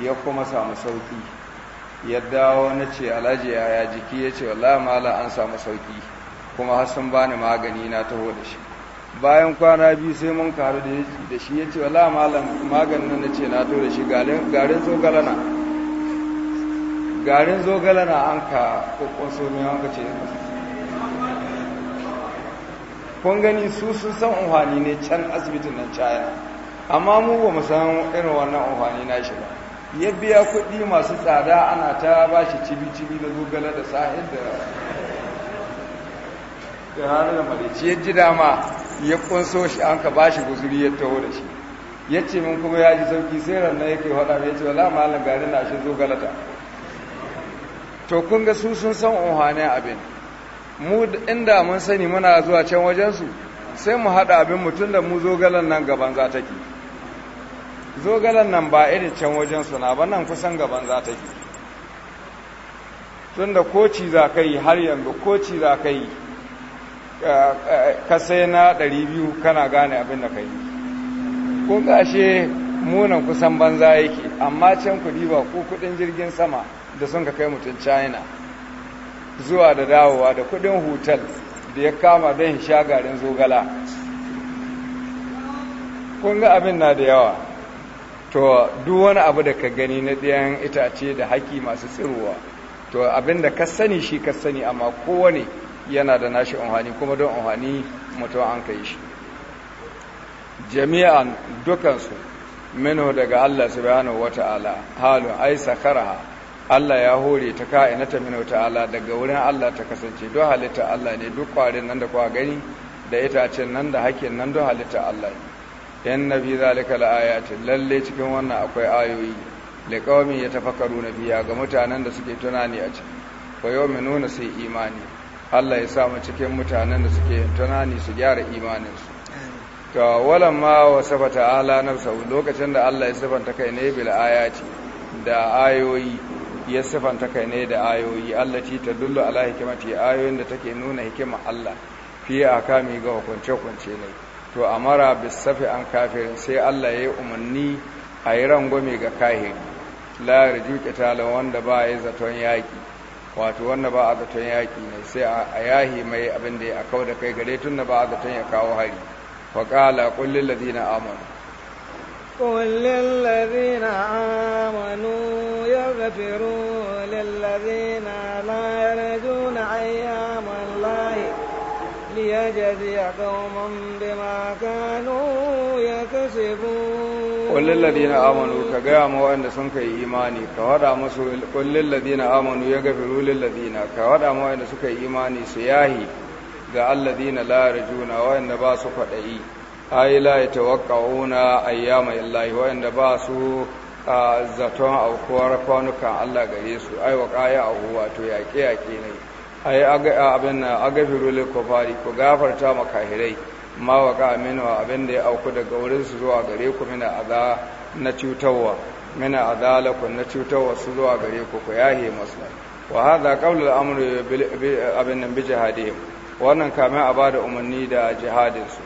ya kuma samu sauki ya dawo na ce alhaji yaya jiki ya ce wallahi mala an samu sauki kuma har sun bani magani na taho da shi bayan kwana biyu sai mun karu da shi ya ce wallahi mala maganin na ce na taho da shi garin zogalana garin zogalana an ka kokon somi an wanka ce kun gani su sun san umfani ne can asibitin nan caya amma mu ba mu san irin wannan umfani na shi ba ya biya kuɗi masu tsada ana ta ba shi cibi-cibi da zogala da sahil da da da malici ya ji dama ya kunso shi an ka ba shi guzuri ya taho da shi ya ce min kuma ya ji sauki sai ranar yake faɗa ya ce wala malam gari na shi ta. to kun ga su sun san unhanin abin mu inda mun sani muna zuwa can wajensu sai mu haɗa abin mutum da mu zogalan nan gaban za take zogalan nan ba irin can wajen suna ba nan kusan gaban za ta ke tun da koci za ka yi har yanzu koci za ka yi ka na 200 kana gane abin da ka yi kun gashe munan kusan banza yake amma can kudi ba ko kudin jirgin sama da sun ka kai mutum china zuwa da dawowa da kudin hotel da ya kama don shagarin zogala kun ga abin na da yawa to duk wani abu da ka gani na ɗayan itace da haki masu tsirowa to abin da ka sani shi ka sani amma kowane yana da nashi unhani kuma don unhani mutum an kai shi jami'an dukansu mino daga Allah subhanahu wata'ala halun ai sakaraha Allah ya hore ta ka'inata mino ta'ala daga wurin Allah ta kasance don halitta Allah ne duk kwarin nan da kwa gani da itacen nan da hakin nan don halitta Allah ne inna fi zalika laayatin lalle cikin wannan akwai ayoyi ya tafakaru yatafakkaruna biya ga mutanen da suke tunani a ciki fa yu'minuna sai imani Allah ya sa mu cikin mutanen da suke tunani su gyara imanin su to walamma wasafa ala nafsa lokacin da Allah ya sifanta kai ne bil ayati da ayoyi ya sifanta kai ne da ayoyi allati tadullu ala hikmati ayoyin da take nuna hikimar Allah fiye a ga hukunce-hukunce ne to a mara bisafi an kafirin sai Allah ya yi umarni a yi rangwame ga kahiri la juke qitalin wanda ba ya zaton yaƙi. wato wanda ba a zaton yaƙi ne sai a yahi mai abin da ya kawo da kai gare tun da ba a zaton ya kawo hari fa qala qul lil ladina amanu qul ladina amanu la يجزي قوما بما كانوا يكسبون قل للذين آمنوا كقاموا أن سنك إيماني كوضع مسو قل للذين آمنوا يغفروا للذين كوضع مو أن سنك إيماني سياهي قال الذين لا yarjuna وأن ba su أي لا يتوقعون أيام الله وأن wa'anda zaton a zaton kwanuka Allah gare su ai wa qaya ahu wato yaƙe yaƙe ne ai abin agafiru ko kufari ku gafarta ma kahirai ma waka wa abin da ya auku daga wurin su zuwa gare ku mina aza na cutarwa mina azalakum na cutarwa su zuwa gare ku ku yahe musu wa hadha qawlu al-amru abin nan bi jihadihim wannan kamar a bada umarni da jihadin su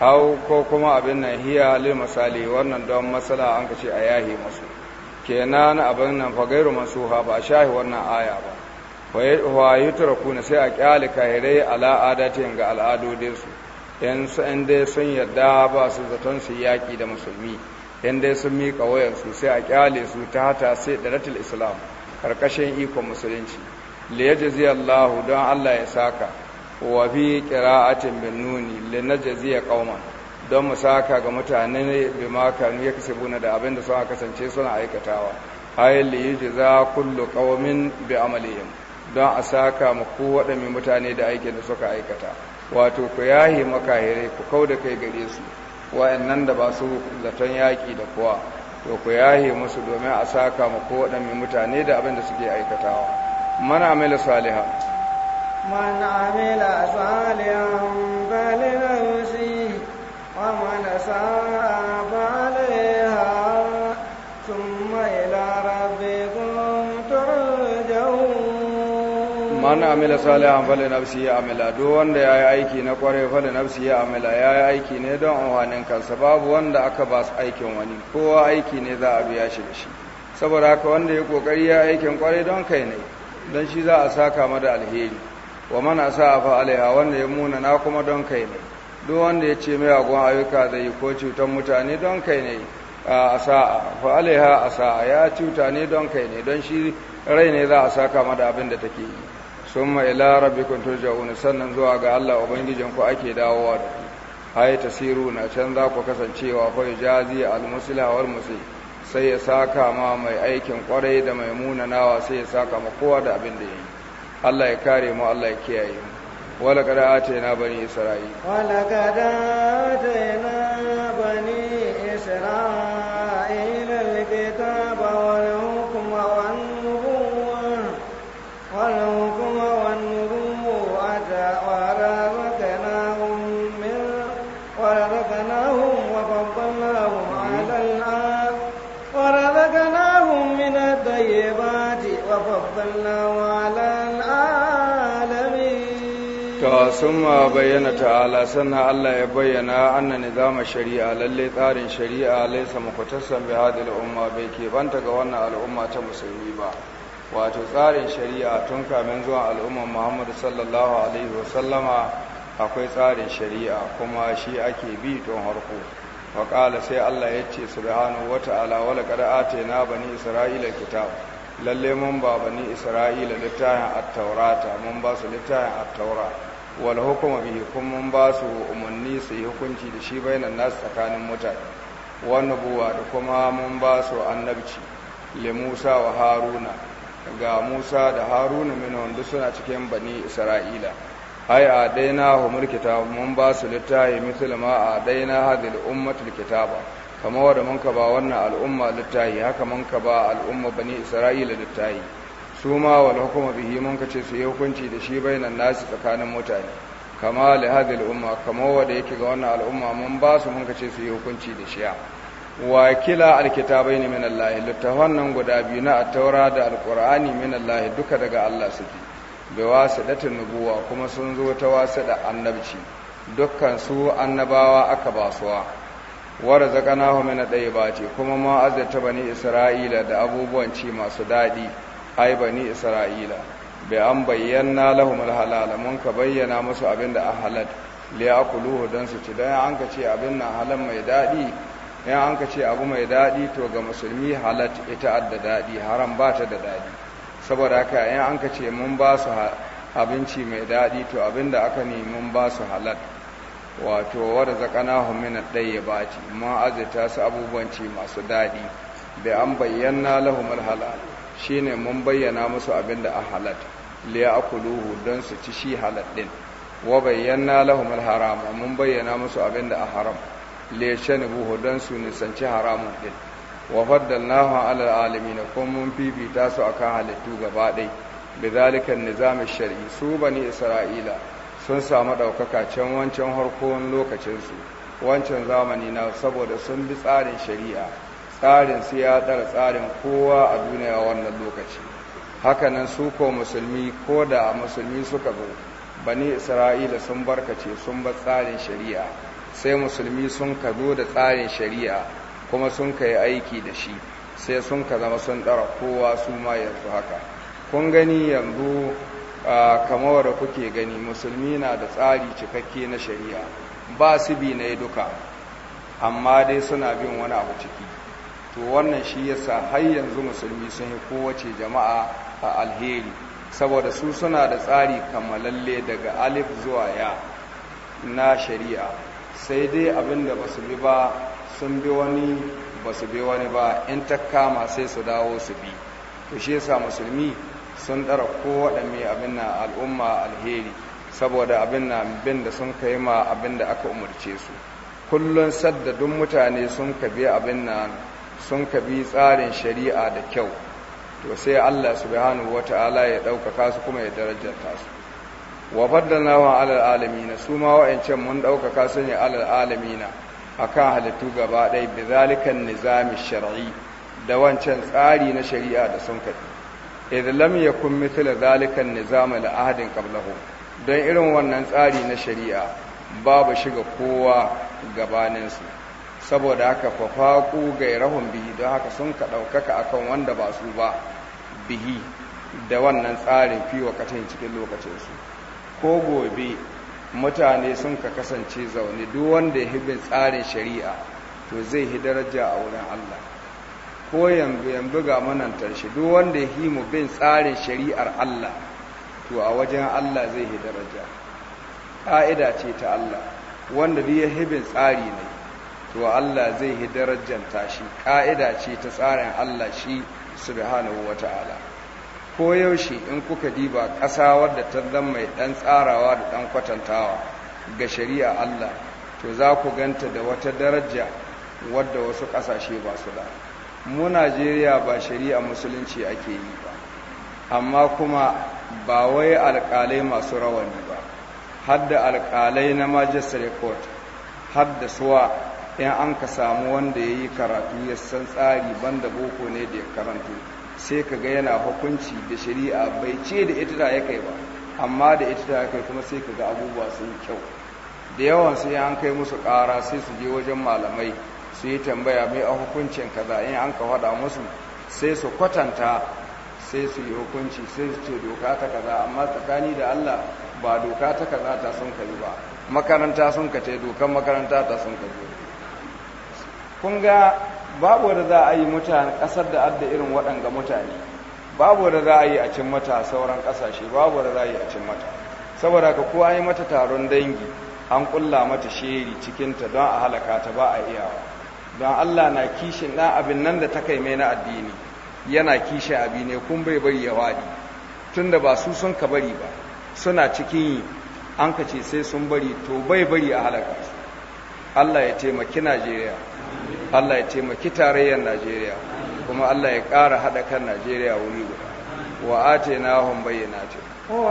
hau ko kuma abin nan hiya lil misali wannan don masala an kace a yahe musu kenan abin nan fa gairu masuha ba shahi wannan aya ba wa kuna sai a kyale kahirai ala adatin ga al'adodinsu su yan sa'in dai sun yarda ba su zaton su yaki da musulmi yan dai sun miƙa wayar sai a kyale su ta hata sai da ratul islam karkashin ikon musulunci liyajzi Allahu don Allah ya saka wa fi qira'atin bin nuni linajzi qauman don mu saka ga mutane bi ma ya kasabuna da abin da suka kasance suna aikatawa ayyul yujza kullu qaumin bi amalihim don a saka ma waɗanne mutane da aikin da suka aikata wato ku yahi makahirai ku kau da kai gare su wa'annan da ba su zaton yaƙi da kuwa, to ku yahi musu domin a saka ma waɗanne mutane da abin da suke aikatawa mana amila saliha. wa sa'a ba man amila salihan fali nafsi ya amila do wanda ya yi aiki na kware fali nafsi ya amila ya yi aiki ne don amfanin kansa babu wanda aka ba su aikin wani kowa aiki ne za a biya shi da shi saboda haka wanda ya kokari ya aikin kware don kai ne don shi za a saka mada alheri wa man asa fa alaiha wanda ya muna na kuma don kai ne do wanda ya ce mai agon ayyuka zai yi ko cutan mutane don kai ne a sa'a fa alaiha a sa'a ya cuta ne don kai ne don shi rai ne za a saka mada abin da take yi Sun summa ila rabbikum turja'un sannan zuwa ga Allah ubangijin ku ake dawowa da tasiru na can za ku kasancewa fa jazi al wal musi sai ya saka ma mai aikin kwarai da mai munanawa sai ya saka ma kowa da abin da yi Allah ya kare mu Allah ya kiyaye mu wala qad bani isra'ila wala qad bani sun ma bayyana ta'ala sannan Allah ya bayyana anna nizama shari'a lalle tsarin shari'a laisa makwatasan bi hadil umma bai ke banta ga wannan al'umma ta musulmi ba wato tsarin shari'a tun kamin zuwa al'umman Muhammadu sallallahu alaihi akwai tsarin shari'a kuma shi ake bi tun harko wa sai Allah ya ce subhanahu wata'ala wa laqad atayna bani isra'ila kitab lalle mun ba bani isra'ila littafin at-taurata mun ba su littafin at-taurata Wani hukuma bi kuma mun ba su umarni su hukunci da shi bainan nasu tsakanin mutane wa nubuwa da kuma mun ba su annabci le Musa wa Haruna ga Musa da Haruna min wanda suna cikin bani Isra'ila ai a daina hu mulkita mun ba su misal ma a daina hadil ummatul kitaba kamar wanda mun ka ba wannan al'umma littafi, haka mun ka ba al'umma bani Isra'ila littafi. su ma wal hukuma bihi mun ka ce su yi hukunci da shi bai nan nasi tsakanin mutane kama li hadhihi umma kama wanda yake ga wannan al'umma mun ba su mun ka ce su yi hukunci da shi wa kila alkitabaini min Allah littafan nan guda biyu na at-taura da al-qur'ani min Allah duka daga Allah suke bi wasidatin nubuwa kuma sun zo ta da annabci dukkan su annabawa aka basuwa wa hu min ɗaya bace kuma ma ta bani isra'ila da abubuwan ci masu daɗi. ai bani isra'ila bi an bayyana lahum halala mun ka bayyana musu abin da ahalat li yakuluhu dan su ci dan an ka ce abin nan halal mai dadi in an ka ce abu mai dadi to ga musulmi halat ita adda dadi haram ba ta da dadi saboda haka in an ka ce mun ba su abinci mai dadi to abin da aka ne mun ba su halal wato wadda zakana hominin ɗaya ba ce ma azita su ci masu daɗi da an bayyana lahumar halal Shi ne mun bayyana musu abin da a halal akuluhu don su ci shi halal ɗin. wa bayyana lahum al mun bayyana musu abin da a haram buhu don su nisanci haramun ɗin. wa alal alimi na kuma mun fifita su akan halittu gaba ɗaya zalikan nizam shar'i su bani isra'ila sun samu ɗaukaka can wancan harkon lokacinsu wancan zamani na saboda sun bi tsarin shari'a tsarin su ya tsara tsarin kowa a duniya wannan lokaci hakanan su ko musulmi ko da musulmi suka zo bani isra'ila sun barkace sun ba tsarin shari'a sai musulmi sun ka da tsarin shari'a kuma sun ka aiki da shi sai sun ka zama sun ɗara kowa su ma yanzu haka kun gani yanzu kamar da kuke gani musulmi na da tsari cikakke na shari'a ba su bi na duka amma dai suna bin wani abu ciki to wannan shi yasa har yanzu musulmi sun yi kowace jama'a a alheri saboda su suna da tsari kammalalle daga alif zuwa ya na shari'a sai dai abinda da su bi ba sun bi wani basu bi wani ba in ta kama sai su dawo su bi to shi yasa musulmi sun ɗara mai abin na al'umma alheri saboda abin na bin da sun kai ma abin da aka umarce su kullum sadda duk mutane sun ka abin na sun ka bi tsarin shari'a da kyau to sai Allah subhanahu wata'ala ya ɗaukaka su kuma ya darajarta su wa faddalna wa alal alamina su ma wa'ancan mun ɗaukaka su ne alal alamina akan halittu gaba ɗaya bi zalikan nizami shar'i da wancan tsari na shari'a da sun kabi idan lam yakun mithla zalikan nizam al ahadin qablahu don irin wannan tsari na shari'a babu shiga kowa gabaninsu saboda haka fafaku gairahun bihi don haka sun ka ɗaukaka akan wanda ba su ba bihi da wannan tsarin fi katin cikin lokacinsu ko gobe mutane sun ka kasance zaune duk wanda ya hibin tsarin shari'a to zai hi daraja a wurin Allah ko yanzu yanzu ga manantar shi duk wanda ya hi mu bin tsarin shari'ar Allah to a wajen Allah zai hi daraja ƙa'ida ce ta Allah wanda duk ya hibin tsari ne to Allah zai yi darajanta shi ƙa'ida ce ta tsarin Allah shi subhanahu wa ta'ala ko yaushe in kuka diba ƙasa wadda ta zama mai ɗan tsarawa da ɗan kwatantawa ga shari'a Allah to za ku ganta da wata daraja wadda wasu ƙasashe ba su da mu Najeriya ba shari'a musulunci ake yi ba amma kuma ba wai alƙalai masu rawani ba hadda alƙalai na majistar court hadda suwa in an ka samu wanda ya yi karatu ya san tsari banda boko ne da ya karanto sai ka ga yana hukunci da shari'a bai ce da ita da ya kai ba amma da ita da ya kai kuma sai ka ga abubuwa sun kyau da yawan sai an kai musu ƙara sai su je wajen malamai su yi tambaya mai a hukuncin kaza in an ka faɗa musu sai su kwatanta sai su yi hukunci sai su ce doka ta kaza amma tsakani da Allah ba doka ta kaza ta sun kai ba makaranta sun kace dokan makaranta ta sun kai kun ga babu wadda za a yi mutane ƙasar da adda irin waɗanga mutane babu wadda za a yi a cin mata sauran ƙasashe babu wadda za a yi a cin mata saboda ka kowa yi mata taron dangi an ƙulla mata sheri cikinta don a halaka ta ba a iyawa don allah na kishin ɗan abin nan da ta kai mai na addini yana kishi abi ne kun bai bari ya waɗi tun da ba su sun ka bari ba suna cikin yi an ka ce sai sun bari to bai bari a halaka su allah ya taimaki najeriya Allah ya taimaki tarayyar Najeriya kuma Allah ya ƙara haɗa kan Najeriya wuri guda wa bayyana bayyinatin wa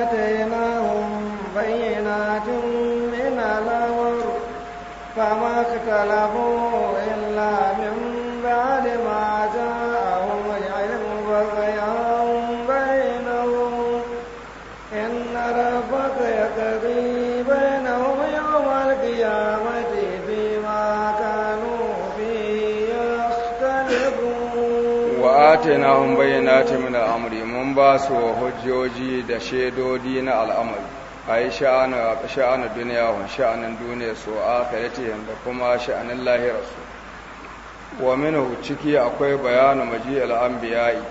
atainahum bayyana tun ina lawar fama ikhtalafu illa min ba'di ma ja'ahum al-'ilmu baghyan bainahum inna rabbaka yaqdi atainahum bayyanatin min amri mun ba su hujjoji da shaidodi na al'amari ai sha'ana sha'ana duniya wa sha'anin duniya su akhiratihim da kuma sha'anin lahirarsu wa minhu ciki akwai bayanu maji'il anbiya'i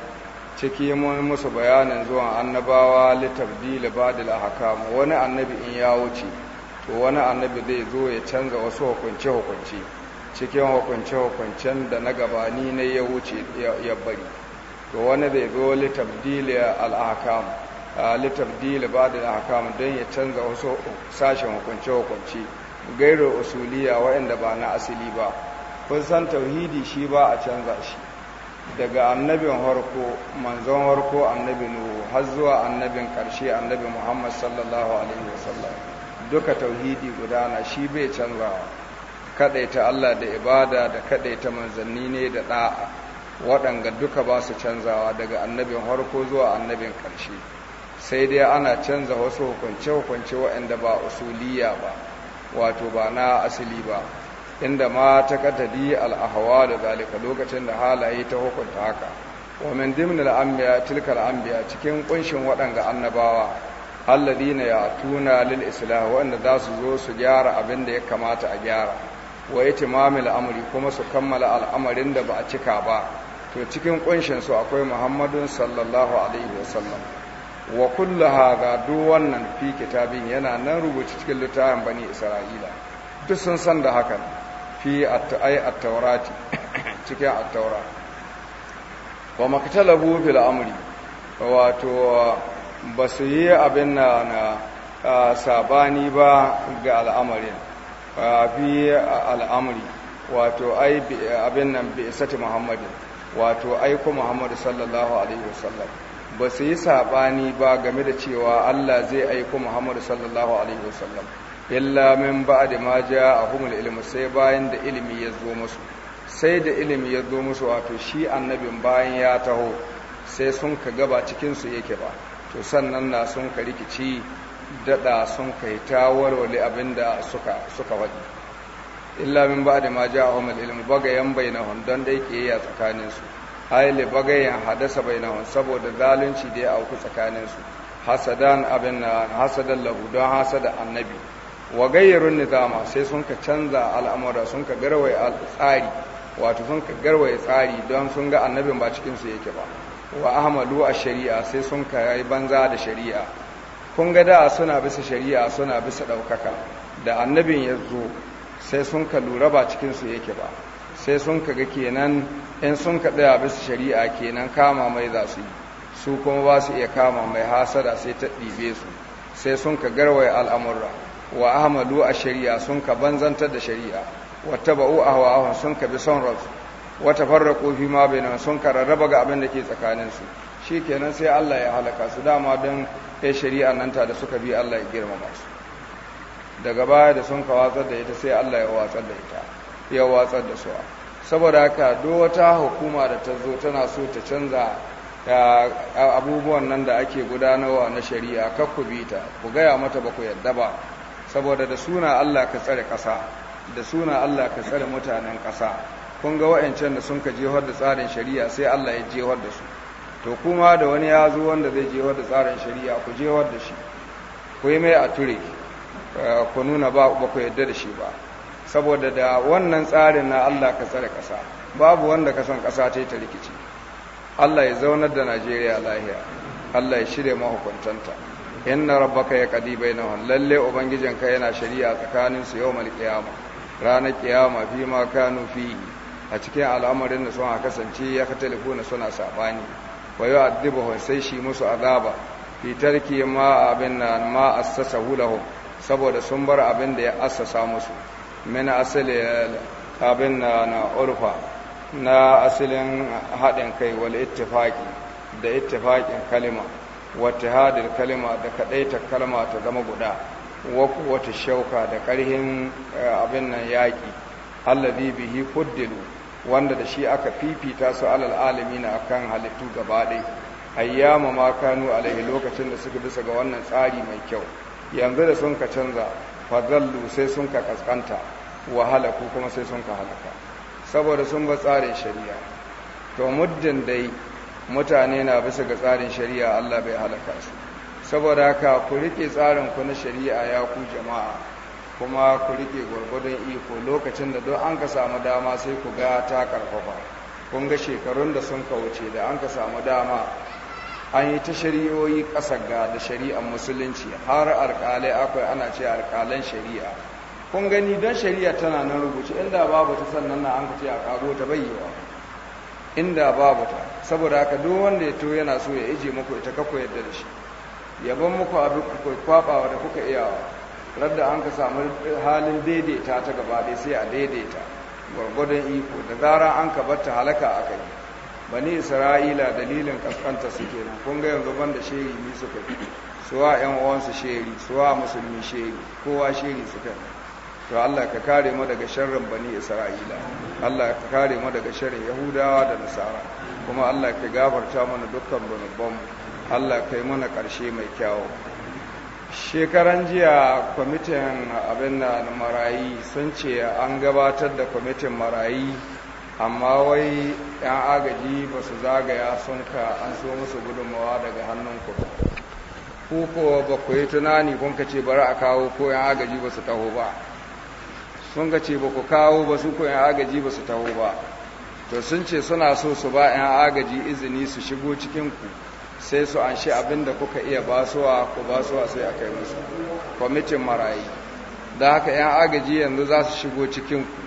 ciki mun musu bayanin zuwan annabawa litabdil badil ahkam wani annabi in ya wuce to wani annabi zai zo ya canza wasu hukunce hukunce cikin hukunce-hukuncen da na gabani na ya wuce ya bari to wani zai zo litabdili al'akam litabdili ba da al'akam don ya canza wasu sashen hukunce-hukunce gairar usuliya waɗanda ba na asili ba kun san tauhidi shi ba a canza shi daga annabin harko manzon harko annabi nuhu har zuwa annabin ƙarshe annabi muhammad sallallahu alaihi wasallam duka tauhidi gudana shi bai canza Kaɗaita allah da ibada da kaɗaita manzanni ne da ɗa'a. waɗanga duka ba su canzawa daga annabin harko zuwa annabin ƙarshe sai dai ana canza wasu hukunce-hukunce waɗanda ba usuliya ba wato ba na asali ba inda ma ta kaddadi al'ahawa da zalika lokacin da halaye ta hukunta haka wa an biya, al'ambiya tilka al'ambiya cikin ƙunshin waɗanga annabawa na ya tuna lil islah waɗanda za su zo su gyara abin da ya kamata a gyara wa itimamil amri kuma su kammala al'amarin da ba a cika ba to cikin kunshin su akwai muhammadun sallallahu alaihi wasallam wa kullu ga duk wannan fi kitabin yana nan rubuce cikin littafin bani isra'ila duk sun san da hakan fi at-ay at-taurati cikin at-taura wa maktalabu fil amri wato ba su yi abin na sabani ba ga al'amarin fi al'amri wato ai abin nan bi isati muhammadin wato aiko muhammadu sallallahu alaihi wasallam ba su yi saɓani ba game da cewa allah zai aiko muhammadu sallallahu alaihi wasallam illa min ba da ma ja a humul ilimi, sai bayan da ilimi ya zo musu sai da ilimi ya zo musu wato shi annabin bayan ya taho sai sun ka gaba cikinsu yake ba to sannan na sun ka rikici daɗa sun ka yi ta warware abin da suka faɗi illa min da ma ja'ahum ilmi ilm bagayan bainahum don dai yake A tsakaninsu ayli bagayen hadasa bainahum saboda zalunci da ya auku tsakaninsu. hasadan abin hasadan labu don hasada annabi wa gayyarun nizama sai sun ka canza al'amura sun ka garwaye tsari wato sun ka garwaye tsari don sun ga annabin ba cikinsu yake ba wa ahmadu a shari'a sai sun ka yi banza da shari'a kun ga da suna bisa shari'a suna bisa ɗaukaka da annabin ya zo sai sun ka lura ba cikinsu yake ba sai sun ka ga kenan in sun ka tsaya bisa shari'a kenan kama mai za su yi su kuma ba su iya kama mai hasada sai ta ɗibe su sai sun ka garwaye al'amurra wa ahmadu a shari'a sun ka banzantar da shari'a wata ba'u a hawa sun ka bi son rasu wata farra kofi ma bai sun ka rarraba ga abin da ke tsakaninsu shi kenan sai allah ya halaka su dama don ya shari'a nan ta da suka bi allah ya girmama su daga baya da sun ka da ita sai Allah ya watsar da ita ya watsar da su saboda haka do wata hukuma da ta zo tana so ta canza abubuwan nan da ake gudanarwa na shari'a kar ku bi ta ku gaya mata ba ku yadda ba saboda da suna Allah ka tsare ƙasa da suna Allah ka tsare mutanen ƙasa kun ga wa'ancan da sun ka jefar da tsarin shari'a sai Allah ya jefar da su to kuma da wani ya zo wanda zai jefar da tsarin shari'a ku jefar da shi ku yi mai a ture Eh, ku nuna ba ku yarda da shi ba saboda da wannan tsarin na Allah ka tsare ƙasa babu wanda ka san ƙasa ta yi ta rikici Allah ya zaunar da Najeriya lahiya Allah ya shirya mahukuntanta inna rabbaka ya kadi bainahum lalle ka yana shari'a tsakanin su yawmal qiyama ranar kiyama fi ma kanu fi a cikin al'amarin da sun kasance ya telefona suna sabani wa yu'adibuhum sai shi musu azaba fi tarki ma abin ma assasahu lahum saboda sun bar abin da ya assasa musu min asali abin na na urfa na asalin haɗin kai wal ittifaqi da ittifaqin kalima wattihadil kalima da kadaita kalma ta zama guda wa wata shauka da ƙarhin eh, abin nan yaki alladhi bihi fuddilu wanda da shi aka fifita su alal alamin akan halittu gaba ɗaya ayyama ma kanu alaihi lokacin da suka bisa ga wannan tsari mai kyau yanzu da sun ka canza fadallu sai sun ka kaskanta wahala ku kuma sai sun ka halaka saboda sun ba tsarin shari'a to muddin dai mutane na bisa ga tsarin shari'a Allah bai halaka su saboda haka ku rike tsarin ku na shari'a ya ku jama'a kuma ku rike gwargwadon iko lokacin da duk an ka samu dama sai ku ga ta karfafa kun ga shekarun da sun ka wuce da an ka samu dama an yi ta shari'oyi ƙasa ga da shari'ar musulunci har alƙalai akwai ana ce alƙalan shari'a kun gani don shari'a tana nan rubuce inda babu ta sannan na an ka ce a ƙaro ta bayyawa inda babu ta saboda haka duk wanda ya to yana so ya ije muku ita kakku yadda da shi yaban muku abin ku da kuka iya radda an ka samu halin daidaita ta gaba ɗaya sai a daidaita gwargwadon iko da gara an ka bar halaka a kai bani isra'ila dalilin kaskanta su kenan kun ga yanzu banda sheri ni suka fi suwa yan uwansu sheri suwa musulmi sheri kowa sheri suka fi to Allah ka kare mu daga sharrin bani isra'ila Allah ka kare mu daga sharrin yahudawa da nasara kuma Allah ka gafarta mana dukkan mu Allah ka yi mana ƙarshe mai kyau. shekaran jiya kwamitin abin da marayi sun ce an gabatar da kwamitin marayi amma wai yan agaji ba su zagaya sun ka an so musu gudunmawa daga hannunku ku ko ba ku yi tunani kun ka ce bari a kawo ko yan agaji ba su taho ba sun ka ce ba ku kawo ba su ko yan agaji ba su taho ba to sun ce suna so su ba yan agaji izini su shigo cikinku sai su an shi abin da kuka iya basuwa ku basuwa sai a kai musu kwamitin marayi da haka yan agaji yanzu za su shigo cikinku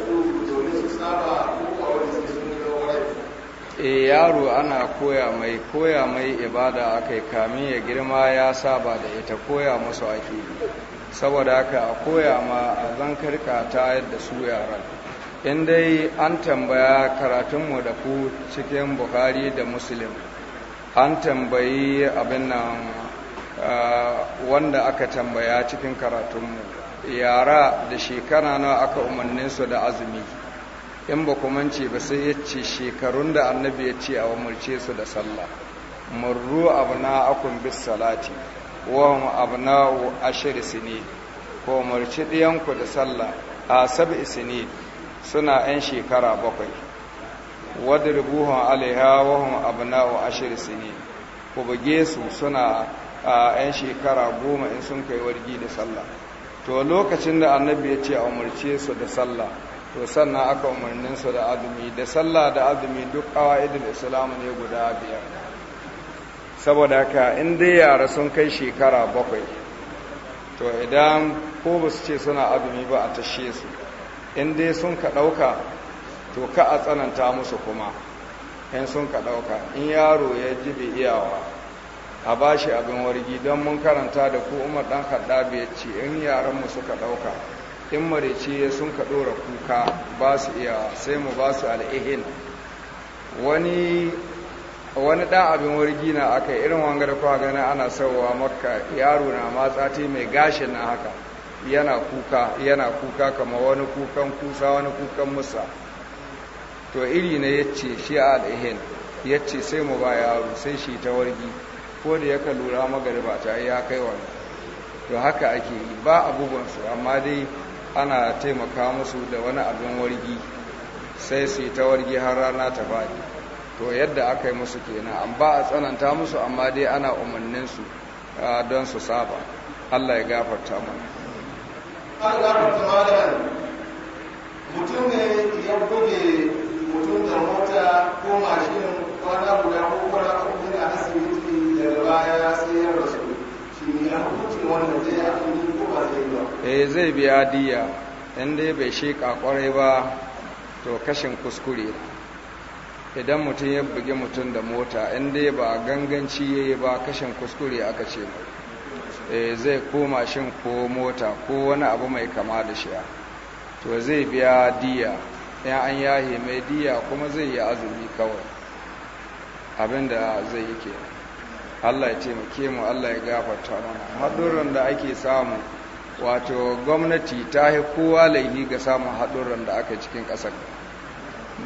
e yaro ana koya mai koya mai ibada akai kamin ya girma ya saba da ita koya masu ake saboda haka a koya ma a zan karka ta yadda su yaran in dai an tambaya karatunmu da ku cikin buhari da musulun an tambayi abin nan ah, wanda aka tambaya cikin karatunmu yara da shekara nawa aka umarninsu da azumi in ba kumance ba sai ya ce shekarun da annabi ya ce a wamurce su da sallah murru abna akun bis salati wa hum abna'u ashir sini ko umarci ɗiyanku da sallah a sab'i sini suna 'yan shekara bakwai rubuhun alaiha wa hum abna'u ashir sini ku buge su suna a 'yan shekara goma in sun kai wargi da sallah to lokacin da annabi ya ce a umarce su da sallah to sannan aka umarnin da azumi da sallah da azumi duk idin islam ne guda biyar saboda haka inda dai yara sun kai shekara bakwai to idan ko ba su ce suna azumi ba a tashe su in dai sun ka ɗauka to ka a tsananta musu kuma in sun ka ɗauka in yaro ya ji bai iyawa a ba shi abin wargi don mun karanta da ku umar ɗan kaɗa bai ce in mu suka ɗauka in marice sun ka ɗora kuka ba su iya sai mu ba su al'ihin wani wani ɗan abin wargi na aka irin wangar kwa gani ana sauwa maka yaro na matsati mai gashin na haka yana kuka yana kuka kama wani kukan kusa wani kukan musa to iri na ya ce shi a al'ihin ya ce sai mu ba yaro sai shi ta wargi ko da yaka lura magariba ta ya kai wani to haka ake yi ba abubuwansu amma dai ana taimaka musu da wani abin wargi sai su yi ta wargi har rana ta faɗi to yadda aka yi musu kenan an ba a tsananta musu amma dai ana umarninsu, su don su saba Allah ya gafarta mana Allah ya mutum ne ya buge mutum da mota ko mashin kwana guda ko kwana uku na asibiti daga baya sai ya rasu shi ne ya eh zai biya diya inda dai bai sheka kwarai ba to kashin kuskure idan mutum ya bugi mutum da mota in dai ba ganganci ya yi ba kashin kuskure aka ce eh zai koma shin ko mota ko wani abu mai kama da shi to zai biya diya ya an yahe mai diya kuma zai yi azumi kawai abinda zai yi kenan Allah ya taimake mu Allah ya gafarta mana haɗurran da ake samu wato gwamnati ta yi kowa laihi ga samun haɗurran da aka cikin ƙasar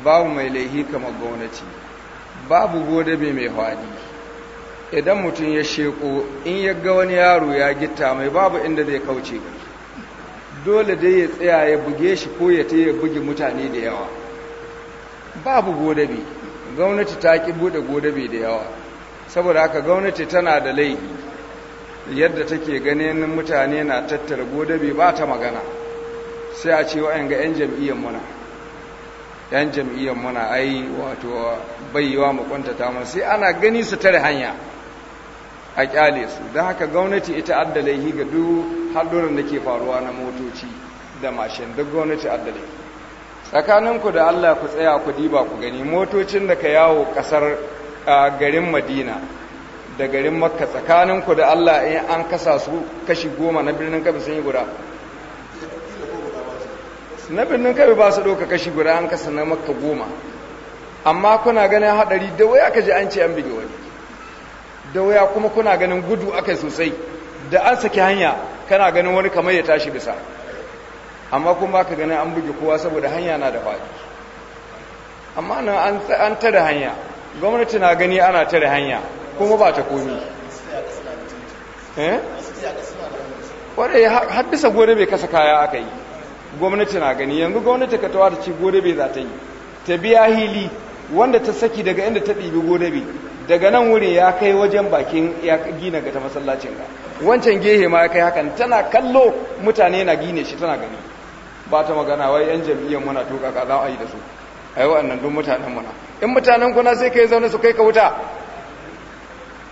babu mai laihi kamar gwamnati babu godabe mai hwadi idan mutum ya sheko in ya ga wani yaro ya gita mai babu inda zai kauce ga dole dai ya tsaya ya buge shi ko ya ta ya buge mutane da yawa babu godabe gwamnati ta ki buɗe godabe da yawa saboda haka gwamnati tana da laifi yadda take ganin mutane na tattara godabe ba ta magana sai a ce wa'yan ga 'yan jam'iyyar muna yan jam'iyyar muna ai wato bayyawa makwantata mun sai ana gani su tare hanya a kyale su don haka gwamnati ita addalaihi ga duk hadduran da ke faruwa na motoci da mashin duk gwamnati addalaihi tsakaninku da Allah ku tsaya ku diba ku gani motocin da ka yawo kasar garin madina da garin makka tsakanin ku da allah in an kasa su kashi goma na birnin kabi sun yi guda na birnin kabi ba su ɗauka kashi guda an kasa na makka goma amma kuna ganin haɗari da waya kaji an ce an bige wani da waya kuma kuna ganin gudu aka sosai da an saki hanya kana ganin wani kamar ya tashi bisa amma kuma ka ganin an buge kowa saboda hanya na da faɗi amma nan an tada hanya gwamnati na gani ana tare hanya kuma ba ta komi eh? wadda har bisa gore bai kasa kaya aka yi gwamnati na gani yanzu gwamnati ka tawa ta ci gore bai za ta yi ta biya hili wanda ta saki daga inda ta ɗibi gore bai daga nan wurin ya kai wajen bakin ya gina ga ta masallacin ga wancan gehe ma ya kai hakan tana kallo mutane na gine shi tana gani ba ta magana wai yan jam'iyyar muna toka ka za a yi da su ai wa'annan duk mutanen muna in mutanen kuna sai kai zaune su kai ka wuta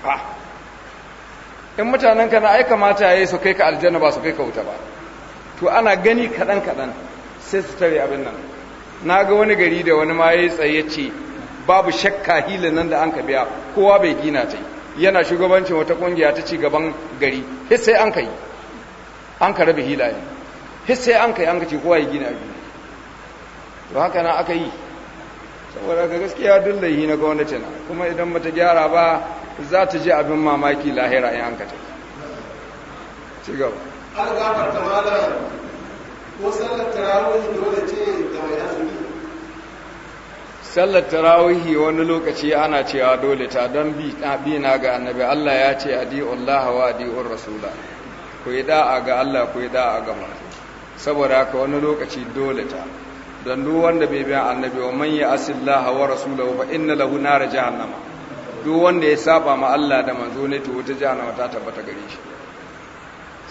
ba in mutanen na ai kamata yayi su kai ka aljanna ba su kai ka wuta ba to ana gani kadan kadan sai su tare abin nan na ga wani gari da wani ma yayi tsaye ce babu shakka hila nan da an ka biya kowa bai gina ta yana shugabancin wata kungiya ta ci gaban gari sai an kai an ka rabe hila ne sai an kai an ka ce kowa ya gina biyu to haka nan aka yi saboda ka gaskiya duk laihi na gwamnati na kuma idan mata gyara ba za ta ji abin mamaki lahira in an ka ta ci gaba har gafar ta ko sallar tarawih dole ce da mai azumi sallar tarawih wani lokaci ana cewa dole ta don bi na ga annabi Allah ya ce adi'ullaha wa adi'ur rasula ku yi da'a ga Allah ku yi da'a ga manzo saboda ka wani lokaci dole ta don duk wanda bai biya annabi wa man ya asillaha wa rasulahu fa inna lahu nar jahannama duk wanda ya saba ma Allah da manzo ne to wata jahannama ta tabbata gare shi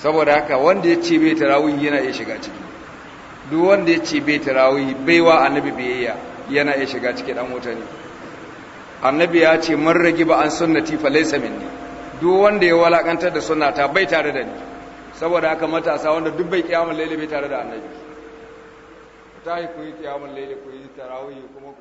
saboda haka wanda ya ce bai tarawih yana iya shiga ciki duk wanda ya ce bai tarawih baiwa annabi biyayya yana iya shiga ciki dan wuta ne annabi ya ce man ragi an sunnati fa laysa minni duk wanda ya walakantar da sunnata bai tare da ni saboda haka matasa wanda duk bai kiyamul laili bai tare da annabi ku tashi ku yi kiyamun laili ku yi tarawih kuma